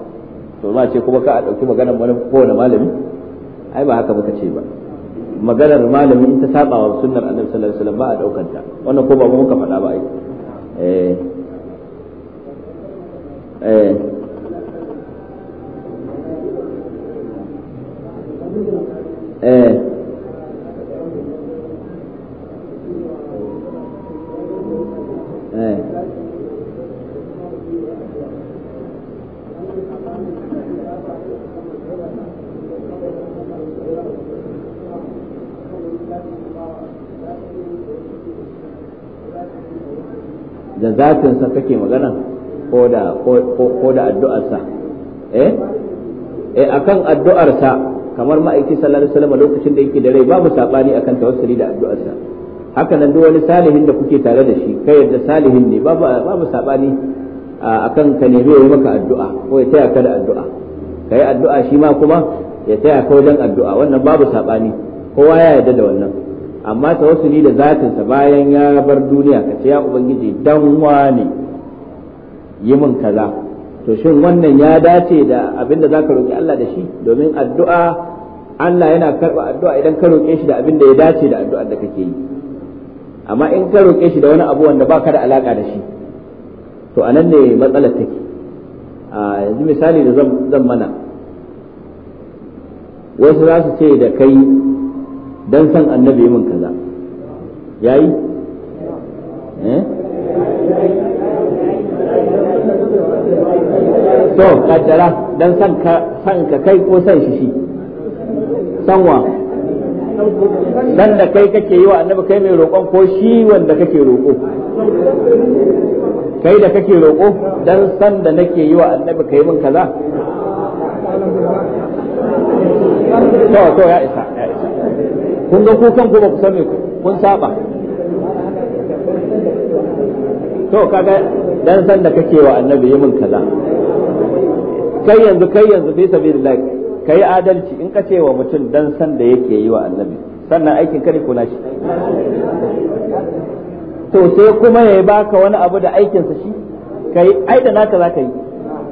to ma ce kuma ka a ɗauki maganar wani kowane malami ai ba haka muka ce ba maganar malami ta saba wa sunnar annabi sallallahu alaihi wasallam ba a daukar ta wannan ko ba mu muka faɗa ba ai eh eh Eh. eh da zatinsa kake magana ko da addu'arsa eh? eh akan addu'arsa kamar ma'aiki sallallahu alaihi wasallam lokacin da yake da rai babu sabani akan tawassuli da addu'arsa haka nan duk wani salihin da kuke tare da shi kai yadda salihin ne babu babu sabani akan ka nemi yayi maka addu'a ko ya taya ka da addu'a kai addu'a shi ma kuma ya taya ka wajen addu'a wannan babu sabani kowa ya yarda da wannan amma tawassuli da zatinsa bayan ya bar duniya ka ce ya ubangiji dan wane yi min kaza to shin wannan ya dace da abin da zaka roƙi Allah da shi domin addu'a Allah yana karɓa addu'a idan ka roƙe shi da abin da ya dace da addu'ar da kake yi amma in ka roƙe shi da wani abu wanda ba ka da alaka da shi to anan ne matsalar take a yanzu misali da zan mana wasu za su ce da kai don san annabi min kaza yayi eh to kaddara dan san ka san ka kai ko san shi shi sanwa dan da kai kake yi wa annabi kai mai roƙon ko shi wanda kake roƙo kai da kake roƙo dan san da nake yi wa annabi kai min kaza to to ya isa kun ga kukan ku ba ku san me kun saba to kaga dan san da kake wa annabi yi min kaza kai yanzu kai yanzu fi sabilillah kai adalci in ka ce wa mutum dan san da yake yi wa annabi sannan aikin kare ko shi to sai kuma ya baka wani abu da aikinsa shi kai ai da naka zaka yi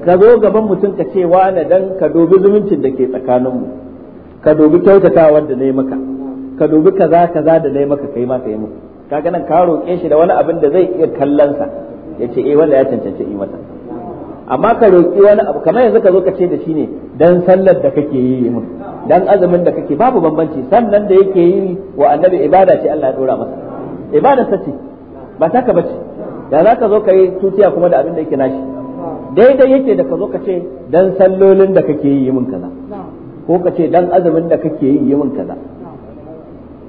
ka zo gaban mutum ka ce wa na dan ka dubi zumuncin da ke tsakaninmu ka dubi kyautatawa da nayi maka ka dubi kaza kaza da nayi maka kai ma ka yi muku kaga nan ka roƙe shi da wani abin da zai iya kallon sa yace eh wanda ya cancanci yi mata amma ka roƙi wani abu kamar yanzu ka zo ka ce da shi ne dan sallar da kake yi mun dan azumin da kake babu bambanci sannan da yake yi wa annabi ibada ce Allah ya dora masa ibada sace ba taka bace da za ka zo ka yi tutiya kuma da abin da yake nashi daidai yake da ka zo ka ce dan sallolin da kake yi mun kaza ko ka ce dan azumin da kake yi mun kaza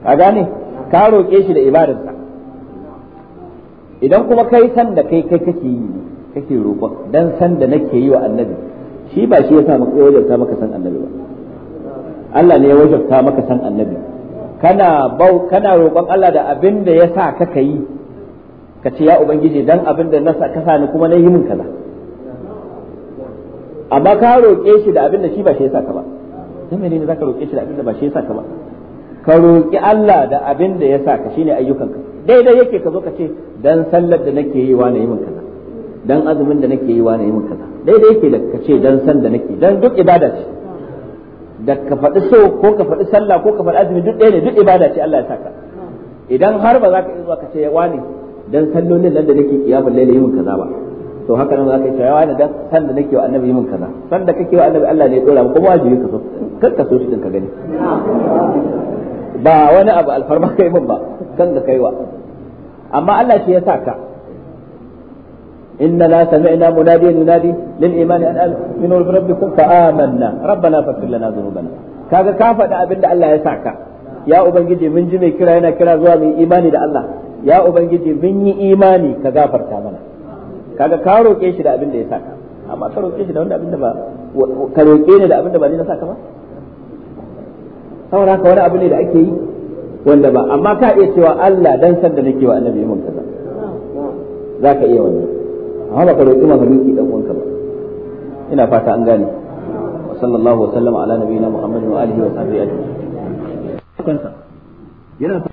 ka gane ka roƙe shi da ibadarsa idan kuma kai san da kai kai kake yi kake roƙon dan san da nake yi wa annabi shi ba shi yasa maka ta maka san annabi ba Allah ne ya ta maka san annabi kana bau kana roƙon Allah da abin da ya sa ka yi ka ce ya ubangiji dan abin da na sa ka sa ni kuma na yi min kaza amma ka roƙe shi da abin da shi ba shi ya sa ka ba dan menene zaka roƙe shi da abin da ba shi ya sa ka ba ka roƙi Allah da abin da ya sa ka shine ayyukanka daidai yake ka zo ka ce dan sallar da nake yi wa na yi min kaza dan azumin da nake yi wa na yi min kaza daidai yake da ka ce dan san da nake dan duk ibada ce da ka faɗi so ko ka faɗi sallah ko ka faɗi azumi duk ɗaya ne duk ibada ce Allah ya saka idan har ba za ka zuwa ka ce ya wani dan sallolin nan da nake kiyamul laila yi min kaza ba to haka nan za ka ce yawa wani dan san da nake wa annabi yi min kaza san da kake wa annabi Allah ne ya dora maka kuma wajibi ka so kar ka so shi din ka gani ba wani abu alfarma kai min ba kan da kaiwa amma Allah shi ya sa ka munadiyan لا lil imani an للإيمان أن rabbikum fa amanna rabbana faghfir lana dhunubana kaga ka faɗi abin da Allah ya saka ya ubangiji mun ji mai kira yana kira zuwa mai imani da Allah ya ubangiji mun yi imani ka gafarta mana kaga ka roƙe shi da abin da ya saka amma ka roƙe shi da wanda abin da ba ka roƙe ne da abin da ba ni na saka ba saboda haka wani abu ne da ake yi wanda ba amma ka iya cewa Allah dan san da nake wa annabi mun kaza zaka ka iya wannan amma ba ka roƙi mahaluki dan uwanka ba ina fata an gane wa sallallahu wa sallama ala nabiyina muhammadin wa alihi wa sahbihi ajma'in yana